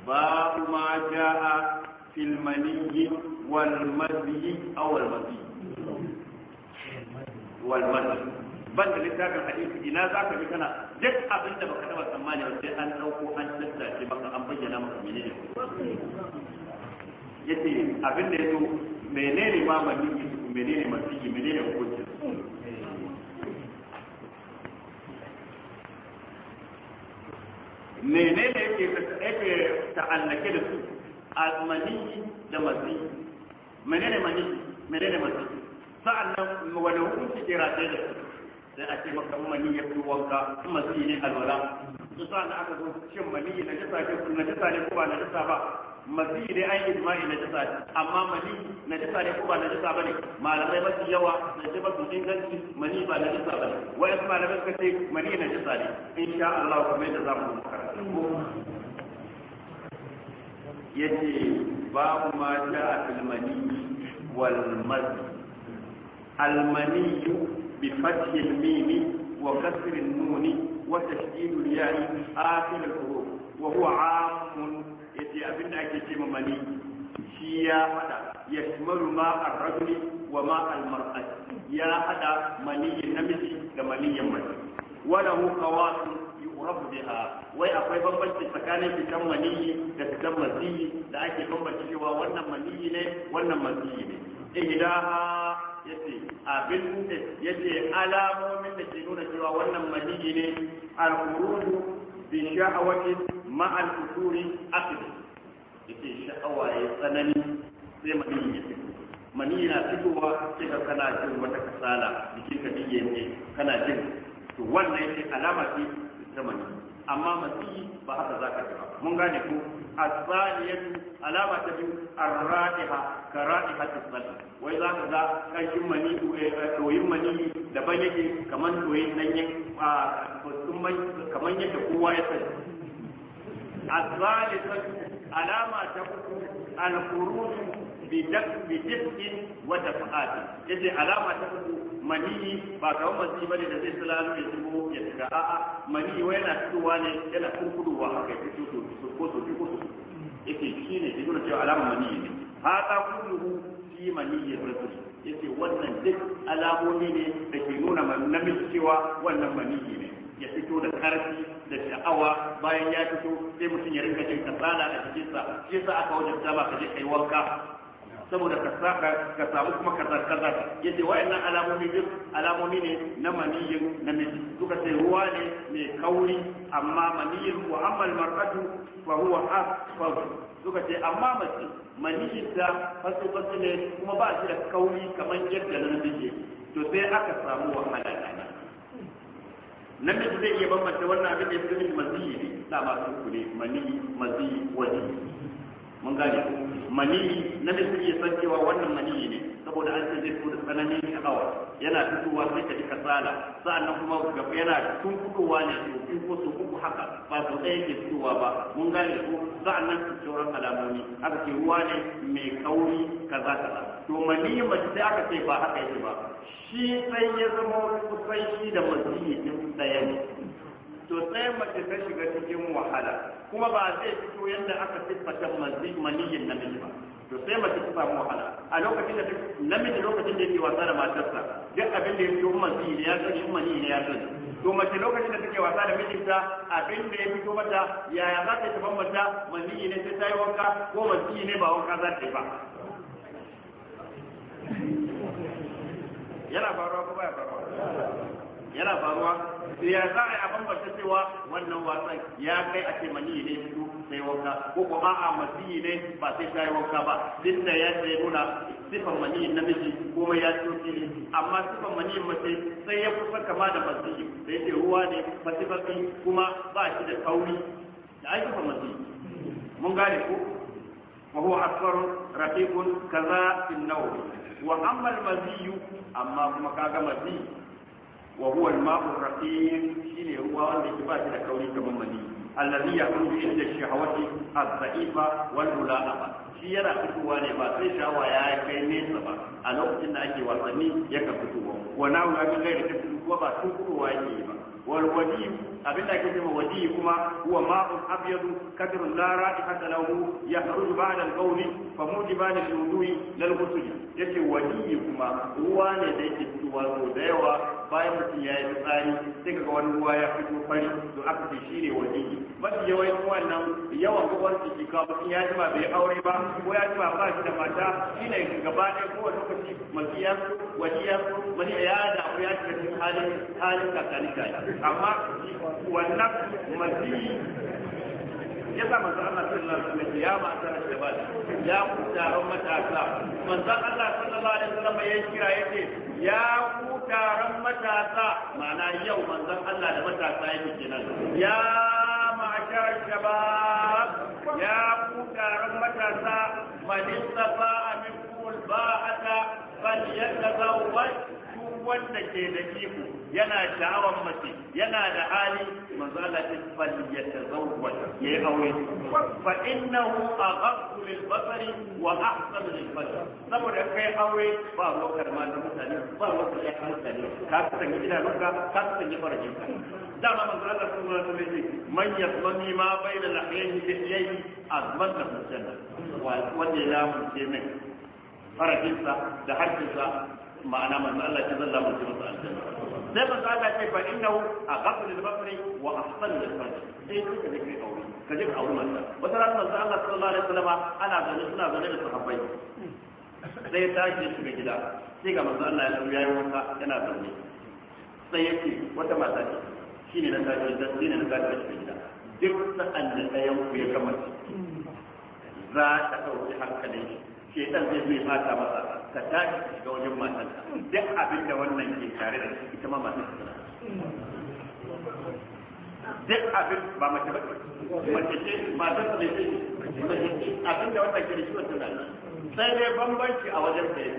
باب ما جاء في المني والمذي أو المذي والمذي banda littafin hadisi ina za ka bi kana duk abin da baka taba tsammani ba sai an dauko an tattace maka an bayyana maka menene yace abin da yazo menene ma maniki menene masiki menene hukunci menene yake yake ta'allake da su almani da mazi menene mani menene mazi sa'annan wani hukunci ke rataye da su sai a ce maka mani ya fi wanka mazi ne alwala su sa'an aka zo shin mani na jasa ne ko na jasa ne ko ba na jasa ba masihi dai an yi jima'i na jisa ne amma mani na jisa ne ko ba na jisa bane malamai mafi yawa na jisa su inganci mani ba na jisa bane wai su malamai suka ce mani na jisa ne insha Allah kuma yadda za mu karatu yace babu ma ja'a fil mani wal mad al bi fathi al mim wa kasr al nun wa tashdid al ya akhir al huruf wa huwa 'amun abin da ake ce mani shi ya hada ya shimaru ma arrajuli wa ma almar'ati ya hada maniyin namiji da maniyin mace wala hu qawasim yurafu biha wai akwai bambanci tsakanin fitan maniyi da fitan maziyi da ake bambanci cewa wannan maniyi ne wannan maziyi ne ihdaha yace abin da yace alamomin da ke nuna cewa wannan maniyi ne al-khuruju bi sha'awatin ma'a al-futuri aqli ya ce shi hawaye tsanani sai maniyi ya fito Mani na fitowa sai ka kana jin wata kasala jikin ka ɗin yanke kana jin to wannan yake alama ce ta mani amma masi ba haka za ka ji ba mun gane ko a tsaniyar alama ta biyu a raɗiha ka raɗiha ta tsanani wai za ka ga ƙarshen mani eh, ɗoyin mani da ban yake kamar ɗoyin ɗanyen kamar yadda kowa ya sani a tsaniyar alama ta uku al-khuruj bi dakbin wa tafa'at yace alama ta uku mani ba kawai mazi bane da zai salalo ya zubo ya shiga a'a mani wai yana fitowa ne yana kurkuduwa haka ya fito to ko to ko to yake shine ya nuna cewa alama mani ne hada kulluhu fi mani ya rajuli yace wannan duk alamomi ne da ke nuna namiji cewa wannan mani ne ya fito da karfi da sha'awa bayan ya fito sai mutum ya rinka jin kasala a sa shi yasa aka wajen dama ka je kai wanka saboda ka saka ka samu kuma kaza kaza yace wa'annan alamomi duk alamomi ne na maniyin miji duka sai ruwa ne mai kauri amma maniyin wa amma mar'atu fa huwa asfar duka sai amma mace maniyin ta fasu fasu ne kuma ba shi da kauri kamar yadda namiji to sai aka samu wahala namiji zai iya bambanta wannan abin da ya fi maziyi ne da masu uku ne mani maziyi wani. mun gane ko maniyi na da suke san cewa wannan maniyi ne saboda an ce zai fito da tsananin sha'awa yana fitowa sai ka dika kasala sa'annan kuma gaba yana tun fitowa ne to in ko su uku haka ba su ɗaya ke fitowa ba mun gane ko sa'annan sauran alamomi aka ce ruwa ne mai kauri kaza kaza to maniyi mace sai aka ce ba haka yake ba shi sai ya zama kusan shi da maniyi ɗin ɗaya ne to sai mace ta shiga cikin wahala kuma ba zai fito yadda aka siffata maniyin namiji ba to sai mace ta samu wahala a lokacin da namiji lokacin da yake wasa da matarsa duk abin da ya fito mazi ne ya sani mani ne ya sani to mace lokacin da take wasa da mijinta abin da ya fito mata yaya za ta yi taban mata maniyi ne sai ta yi wanka ko mazi ne ba wanka za ta yi ba yana faruwa ko baya faruwa yana faruwa ya za a bambanta cewa wannan wasan ya kai a ce mani ne fito sai wanka ko kuma a masiyi ne ba sai ta yi wanka ba duk da ya sai nuna sifan mani namiji kuma ya fito fili amma sifan mani mace sai ya kusa kama da masiyi sai ce ruwa ne fasifafi kuma ba shi da kauri da ai sifan masiyi mun gane ko وهو أكبر رقيق كذا في النوم وأما المزي أما كما كاغا مزي wa huwa al-ma'u ar shine ruwa wanda ke ba shi da kauri kamar mani allazi yakhruju inda shahawati az-za'ifa wal mula'aba shi yana fitowa ne ba sai shawa ya kai nesa ba a lokacin da ake wasanni yakan fitowa wa nahu ya ga gairi ta fitowa ba tun fitowa yake ba wal wadiyu abin da ake cewa wadi kuma huwa ma'un abyadu kadrun la ra'ihata lahu yahruju ba'da al-qawli fa mujiban lil-wudu'i lil-ghusl yace wadi kuma ruwa ne da yake fitowa ko da yawa bayan mutum ya yi fitsari sai kaga wani ruwa ya fito fari to aka ce shine wadi mafi yawancin wannan yawan gabar ciki ka mutum ya jima bai aure ba ko ya jima ba shi da mata shine gaba ɗaya wani lokaci masiyar wadiyar wani ya da ya shiga cikin halin halin kakanika amma wannan mazi ya sa manzo Allah sallallahu alaihi wasallam ya mata shabal ya ku taron matasa manzo Allah sallallahu alaihi wasallam ya kira yace ya ku taron matasa ma'ana yau manzo Allah da matasa yake kenan ya ma'ashar shabab ya ku taron matasa man istafa minkum al-ba'ata falyatazawwaj wanda ke da iko yana sha'awar mace yana da hali manzo Allah ya falliyata zawwaj ya aure fa innahu aghaqqu lil basari wa ahsanu lil basari saboda kai aure ba lokar ma da mutane ba lokar ya mutane ka san idanunka ka san farjinka dama Da Allah sallallahu alaihi wasallam ya ce man yasmani ma baina lahayhi bi a azmanna da mutane. wanda ya lamunce min farajinsa da harkinsa ma'ana manzo Allah ya zalla mun musu aljanna sai manzo Allah ya ce fa innahu aqaful al-basri wa ahsanu al-farj sai suka da kai aure ka je ka aure mata wata ran manzo Allah sallallahu alaihi wasallam ana ganin suna ganin da sahabbai sai ta tashi shiga gida sai ga manzo Allah ya yi wanka yana zaune sai yake wata mata ce shine na ta ji dan shine nan ta ji gida duk sa'an da ɗayan ku ya kamata za ta ɗauki hankalin shi shedan zai zai mata masa ka tashi ka shiga wajen matan duk abin da wannan ke tare da shi ita ma matan tana duk abin ba mace ba mace ce matan tana ce mace abin da wannan ke da shi wannan sai dai bambanci a wajen da ya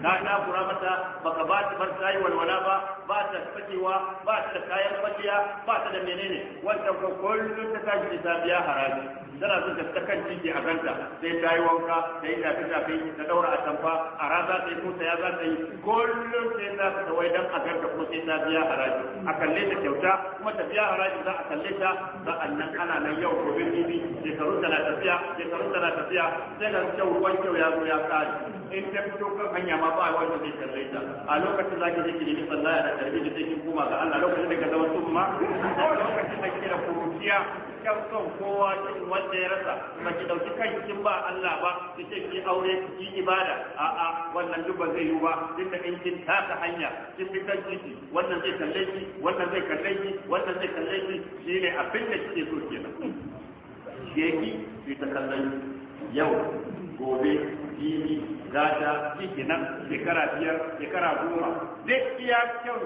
ka kura mata baka ba ta bar walwala ba ba ta fakewa ba ta kayan fakiya ba ta da menene wannan ko kullun ta ji ta biya haraji tana son ta kan cike a kanta sai ta yi wanka ta yi tafi tafi ta daura a tamfa a raza ta yi ko ta ya za ta yi kullun sai ta ta wai dan a kanta ko sai ta biya haraji a kalle ta kyauta kuma ta biya haraji za a kalle ta za a nan ana nan yau gobe bibi shekaru tana tafiya shekaru tana tafiya sai da kyau ruwan kyau ya zo ya kare in ta fito kan hanya ma ba wanda zai karbe ta a lokacin zaki kake ki nemi sallaya da karbi da take kuma ga Allah lokacin da ka zama tumma lokacin da kike da kuruciya kan son kowa kin wanda ya rasa ba ki dauki kanki ba Allah ba ki ce ki aure ki ibada a a wannan duk ba zai yi ba din da in kin taka hanya kin bi kan ki wannan zai kalle ki wannan zai kalle ki wannan zai kalle ki shine abin da kike so kenan sheki ki ta kallon yau gobe dini gata shi shekara biyar shekara goma zai iya kyau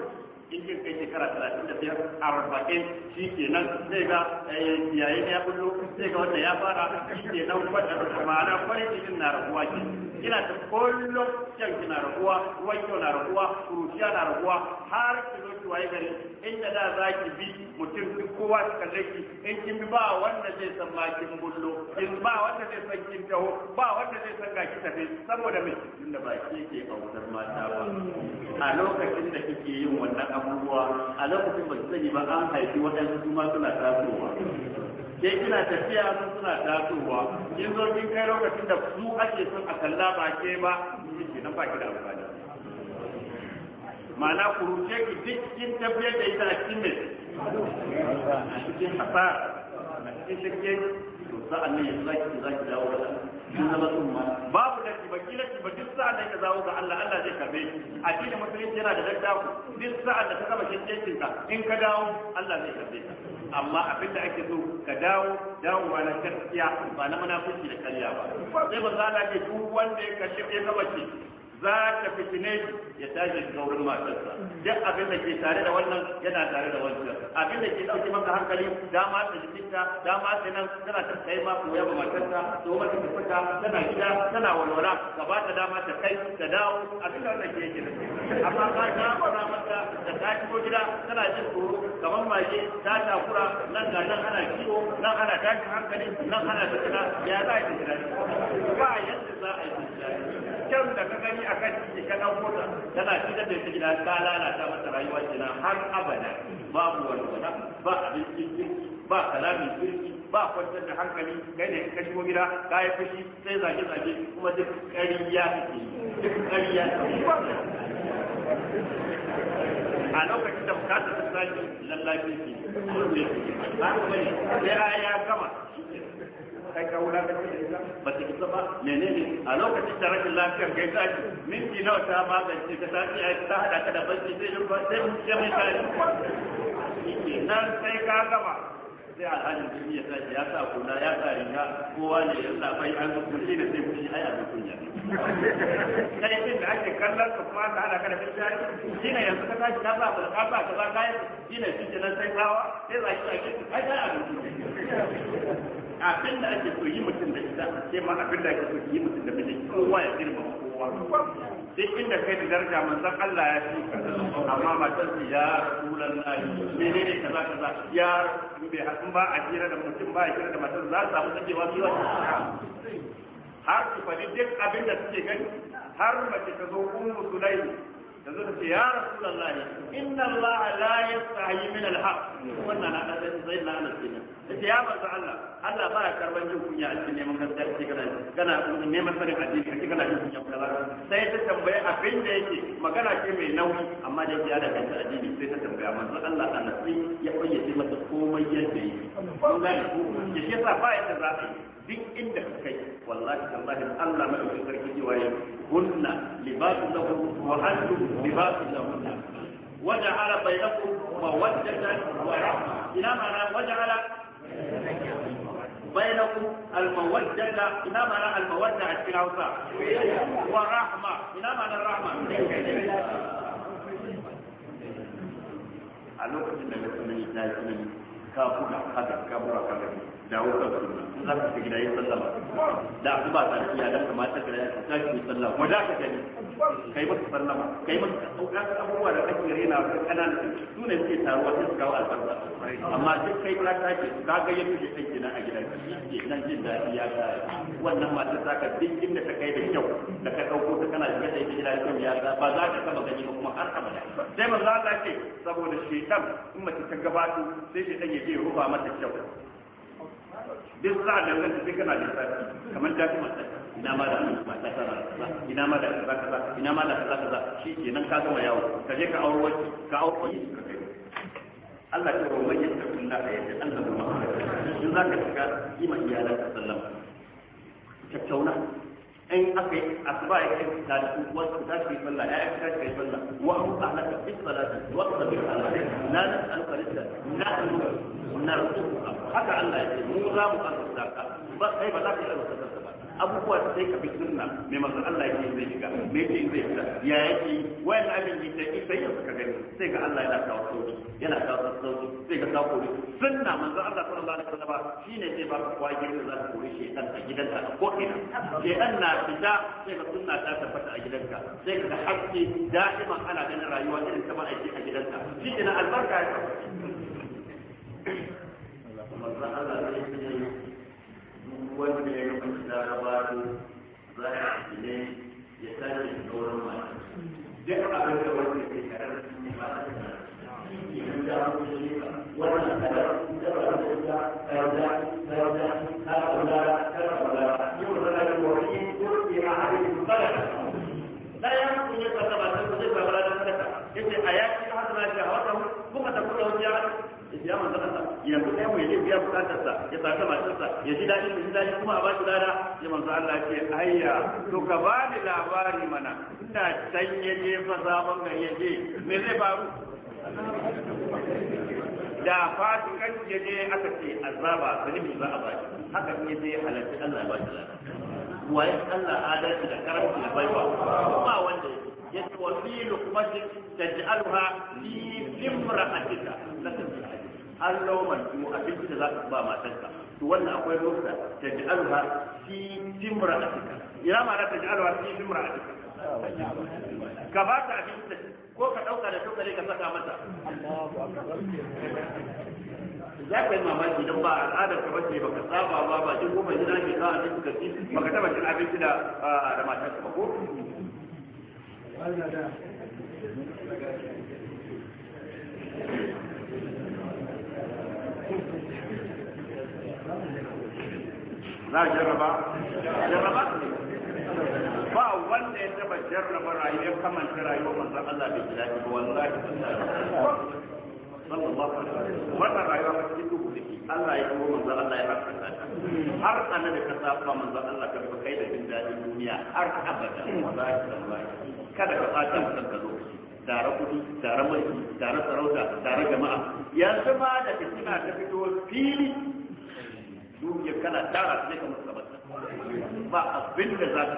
in kin kai shekara talatin da biyar arba'in shi ke nan sai ga eh, yayin ya bullo sai ga wanda ya fara shi ke nan wanda ma'ana farin cikin na raguwa ke kina ta kullum kyan kina raguwa ruwan kyau na raguwa kuruciya na raguwa har ki zo ki waye gari inda da za ki bi mutum duk kowa ka zaki in kin bi ba wanda zai san ma kin bullo in ba wanda zai san kin taho ba wanda zai san ga ki tafi saboda me tunda ba ke ke bautar mata ba a lokacin da kike yin wannan abubuwa a lokacin ba su sani ba an haifi waɗansu su ma suna tasowa sai kina tafiya su suna tasowa kin zo kin kai lokacin da su ake son a kalla ba ke ba kike nan ba ki da amfani ma'ana kuruce ki duk kin tafiyar da ita a cikin a cikin hasara a sa'an nan yanzu zaki zaki dawo da Allah in zama sun ma babu da ki baki ki ba duk sa'an da ka dawo ga Allah Allah zai karbe shi da musulunci yana da daddaku duk sa'an da ka gama shirkin ka in ka dawo Allah zai karbe ka amma abin da ake so ka dawo dawo na gaskiya ba na munafunci da karya ba sai ba za ka ce duk wanda ya kashe ya gaba za ta fitine ya tashi shiga wurin matarsa duk abin da ke tare da wannan yana tare da wancan abin da ke dauke maka hankali dama ta jikinta dama ta nan tana ta kai ma koya ma matarsa to mata ta fita tana gida tana walwala gaba ta dama ta kai ta dawo abin da wannan ke yake da amma ka ta fara mata da ta shigo gida tana jin tsoro kamar mage ta takura nan ga nan ana kiwo nan ana tashin hankali nan ana fitina ya za a yi ba yadda za a yi kyan da ka gani a kan ciki ka ɗauko tana fitar da ta gida ta lalata masa rayuwa kenan har abada babu walwala ba abincin kirki ba kalamin kirki ba kwantar da hankali gane ne ka shigo gida ka yi fushi sai zage zage kuma duk ƙarya duk a lokacin da bukatar ta sake lallace ke sai ya gama kai ka wula da ita ba ta isa ba menene a lokacin da rashin lafiyar kai ta ci minti nawa ta magance ka ta ci ta hada ka da barci sai yin ba sai mai nan sai ka gama sai alhalin jini ya tashi ya sa kula ya sa kowa ne ya sa bai an kulle da sai kushi ai abin kunya kai din da ake kallon ka kuma ta hada ka da fitari shine yanzu ka tashi ka sa ka sa ka za ka yi shine shi nan sai tsawa sai zaki zaki ai ai abin da ake so yi mutum da ita sai ma abin da ake so yi mutum da miji kowa ya girma kowa duk inda kai da daraja manzon Allah ya fi ka amma matar su ya rasulan nahi menene kaza kaza ya bai hakan ba a jira da mutum ba a jira da matar za su samu sakewa su har su faɗi duk abin da suke gani har mace ta zo ummu sulaimu yanzu ka ce ya rasulullahi inna Allah la yastahi min al-haq wannan na da zai na nan kenan kace ya manzo Allah Allah ba ya karban jin kunya a cikin neman gaskiya kace kana kana neman sanin addini kace kana jin kunya kaza sai ta tambaye abin da yake magana ce mai nauyi amma da yake ya da kanta addini sai ta tambaya manzo Allah Allah sai ya fayyace masa komai yadda yake kun gane ko yake sa ba ya da zafi duk inda kai wallahi tallahi Allah mai ɗauki sarki cewa ya hunna libasun lahu wa antum libasun lahunna وجعل بينكم مودة ورحمة إلى معنى وجعل بينكم المودة إلى معنى المودة في الأوساط ورحمة إلى معنى الرحمة a lokacin da na tsanani na tsanani ka buga kada ka bura kada ne dawo kan sunna in za ka gida yin sallah da su ba tare da iyalan kamata ka ta tashi yin sallah kuma da ka gani kai masa sallama kai masa sauka abubuwa da kake rena ka kanana su ne suke taruwa sai su kawo albarka amma duk kai ka tashi ka ga yadda ke kai kenan a gidan ke nan jin daɗi ya ga wannan matar za ka duk inda ta kai da kyau da ka ɗauko ta kana shiga da ita gidan ya ga ba za ka taɓa gani ba kuma har abada sai manzo Allah ce saboda shedan in mace ta gabatu sai shedan ya je rufa mata kyau duk za a danganta sai kana lissafi kamar ta kuma ina ma da ma ta tara ina ma da kaza kaza ina ma da kaza kaza shi ke nan ka gama yawo ka je ka aure wani ka aure wani ka kai Allah ya roƙa yin da kunna a yadda an Allah kuma in za ka shiga yi ma iyalan ka sallama tattauna in aka yi asuba ya kai da su wasu za su yi ya yi kai kai sallah wa abu ahlaka fi salati wa sabbi ala na nas'aluka rizqan na nas'aluka narzuka haka Allah ya ce mu za mu azurta ka ba kai ba za ka yi azurta ba abubuwa da sai ka bi sunna mai manzon Allah yake zai shiga me yake zai fita ya yake wayan abin da yake sai ya saka gani sai ga Allah yana kawo sauki yana kawo sauki sai ka kawo kuri sunna manzon Allah sallallahu alaihi wasallam shine sai ba ka kwaje da za ka kore shi dan a gidanka a ko ina sai dan na fita sai ka sunna ta tabbata a gidanka sai ka hakki da'iman ana ganin rayuwa irin ta ba a gidanka shi ne albarka ya tabbata manzon Allah zai ce duk wanda ya rufe laraba za a ne ya tashi da wurin mata duk abin da wanda ke karar su ne ba ta da idan da an kusa ne wannan kadar da ba da ta karda karda ta karda ta karda yau da na yi wani turki ma har yi kada ya kun yi fata ba ta kusa ba ba da kada yace ayati hadra jawatahu kuma ta kula wajen ya manzo Allah yanzu kai mu yaje biya bukatar sa ya saka matar sa ya ji dadi mu ji dadi kuma a baki dada ya manzo Allah ce ayya to ka ba ni labari mana ina sanye ne fa sabon ya ce, me zai faru da fasikan yaje aka ce azaba zalimi za a baki haka ne zai halarci Allah ya baki dada waye Allah adalci da karamci da baiwa ba wanda yake وفي لقمة تجعلها في امرأتك لكن allawman mu abinci da za ka ba matarka to wannan akwai rufa ta ji alha fi timra atika ina ma ta ji alha fi timra atika ka ba ta abinci ko ka dauka da tukare ka saka mata za ka yi mamaki don ba al'adar ka bace ka saba ba ba jin goma jira ke kawo ji ka ci ka taba cin abinci da da matarka ba ko Thank you. za a jarraba jarraba ba wanda ya taba jarraba rayuwar kamanta rayuwar manzon Allah bai jira ba wallahi wannan rayuwa ba cikin duhu take Allah ya kuma manzon Allah ya rafa har ana da kasa ba manzon Allah ka kai da jin dadin duniya har abada kada ka fata mutan ka lokaci tare kudi tare mai tare sarauta tare jama'a yanzu ma da fitina ta fito fili dukiyar kana tara sai ka mutu gaba ba abin da za ka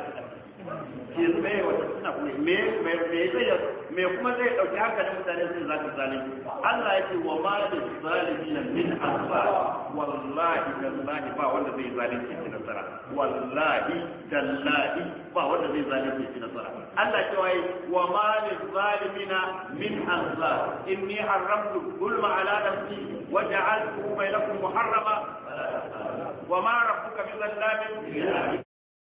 ke tsaye wata suna kuma me me me zai me kuma zai dauki hankalin mutane sun za ka zalimi Allah ya ce wa ma da zalimin min asba wallahi tallahi ba wanda zai ki nasara wallahi ba wanda zai zalunci ki nasara Allah ce wai wa ma da zalimin min asba inni haramtu zulma ala nafsi wa ja'altuhu bainakum muharrama wa ma rabbuka bi zallamin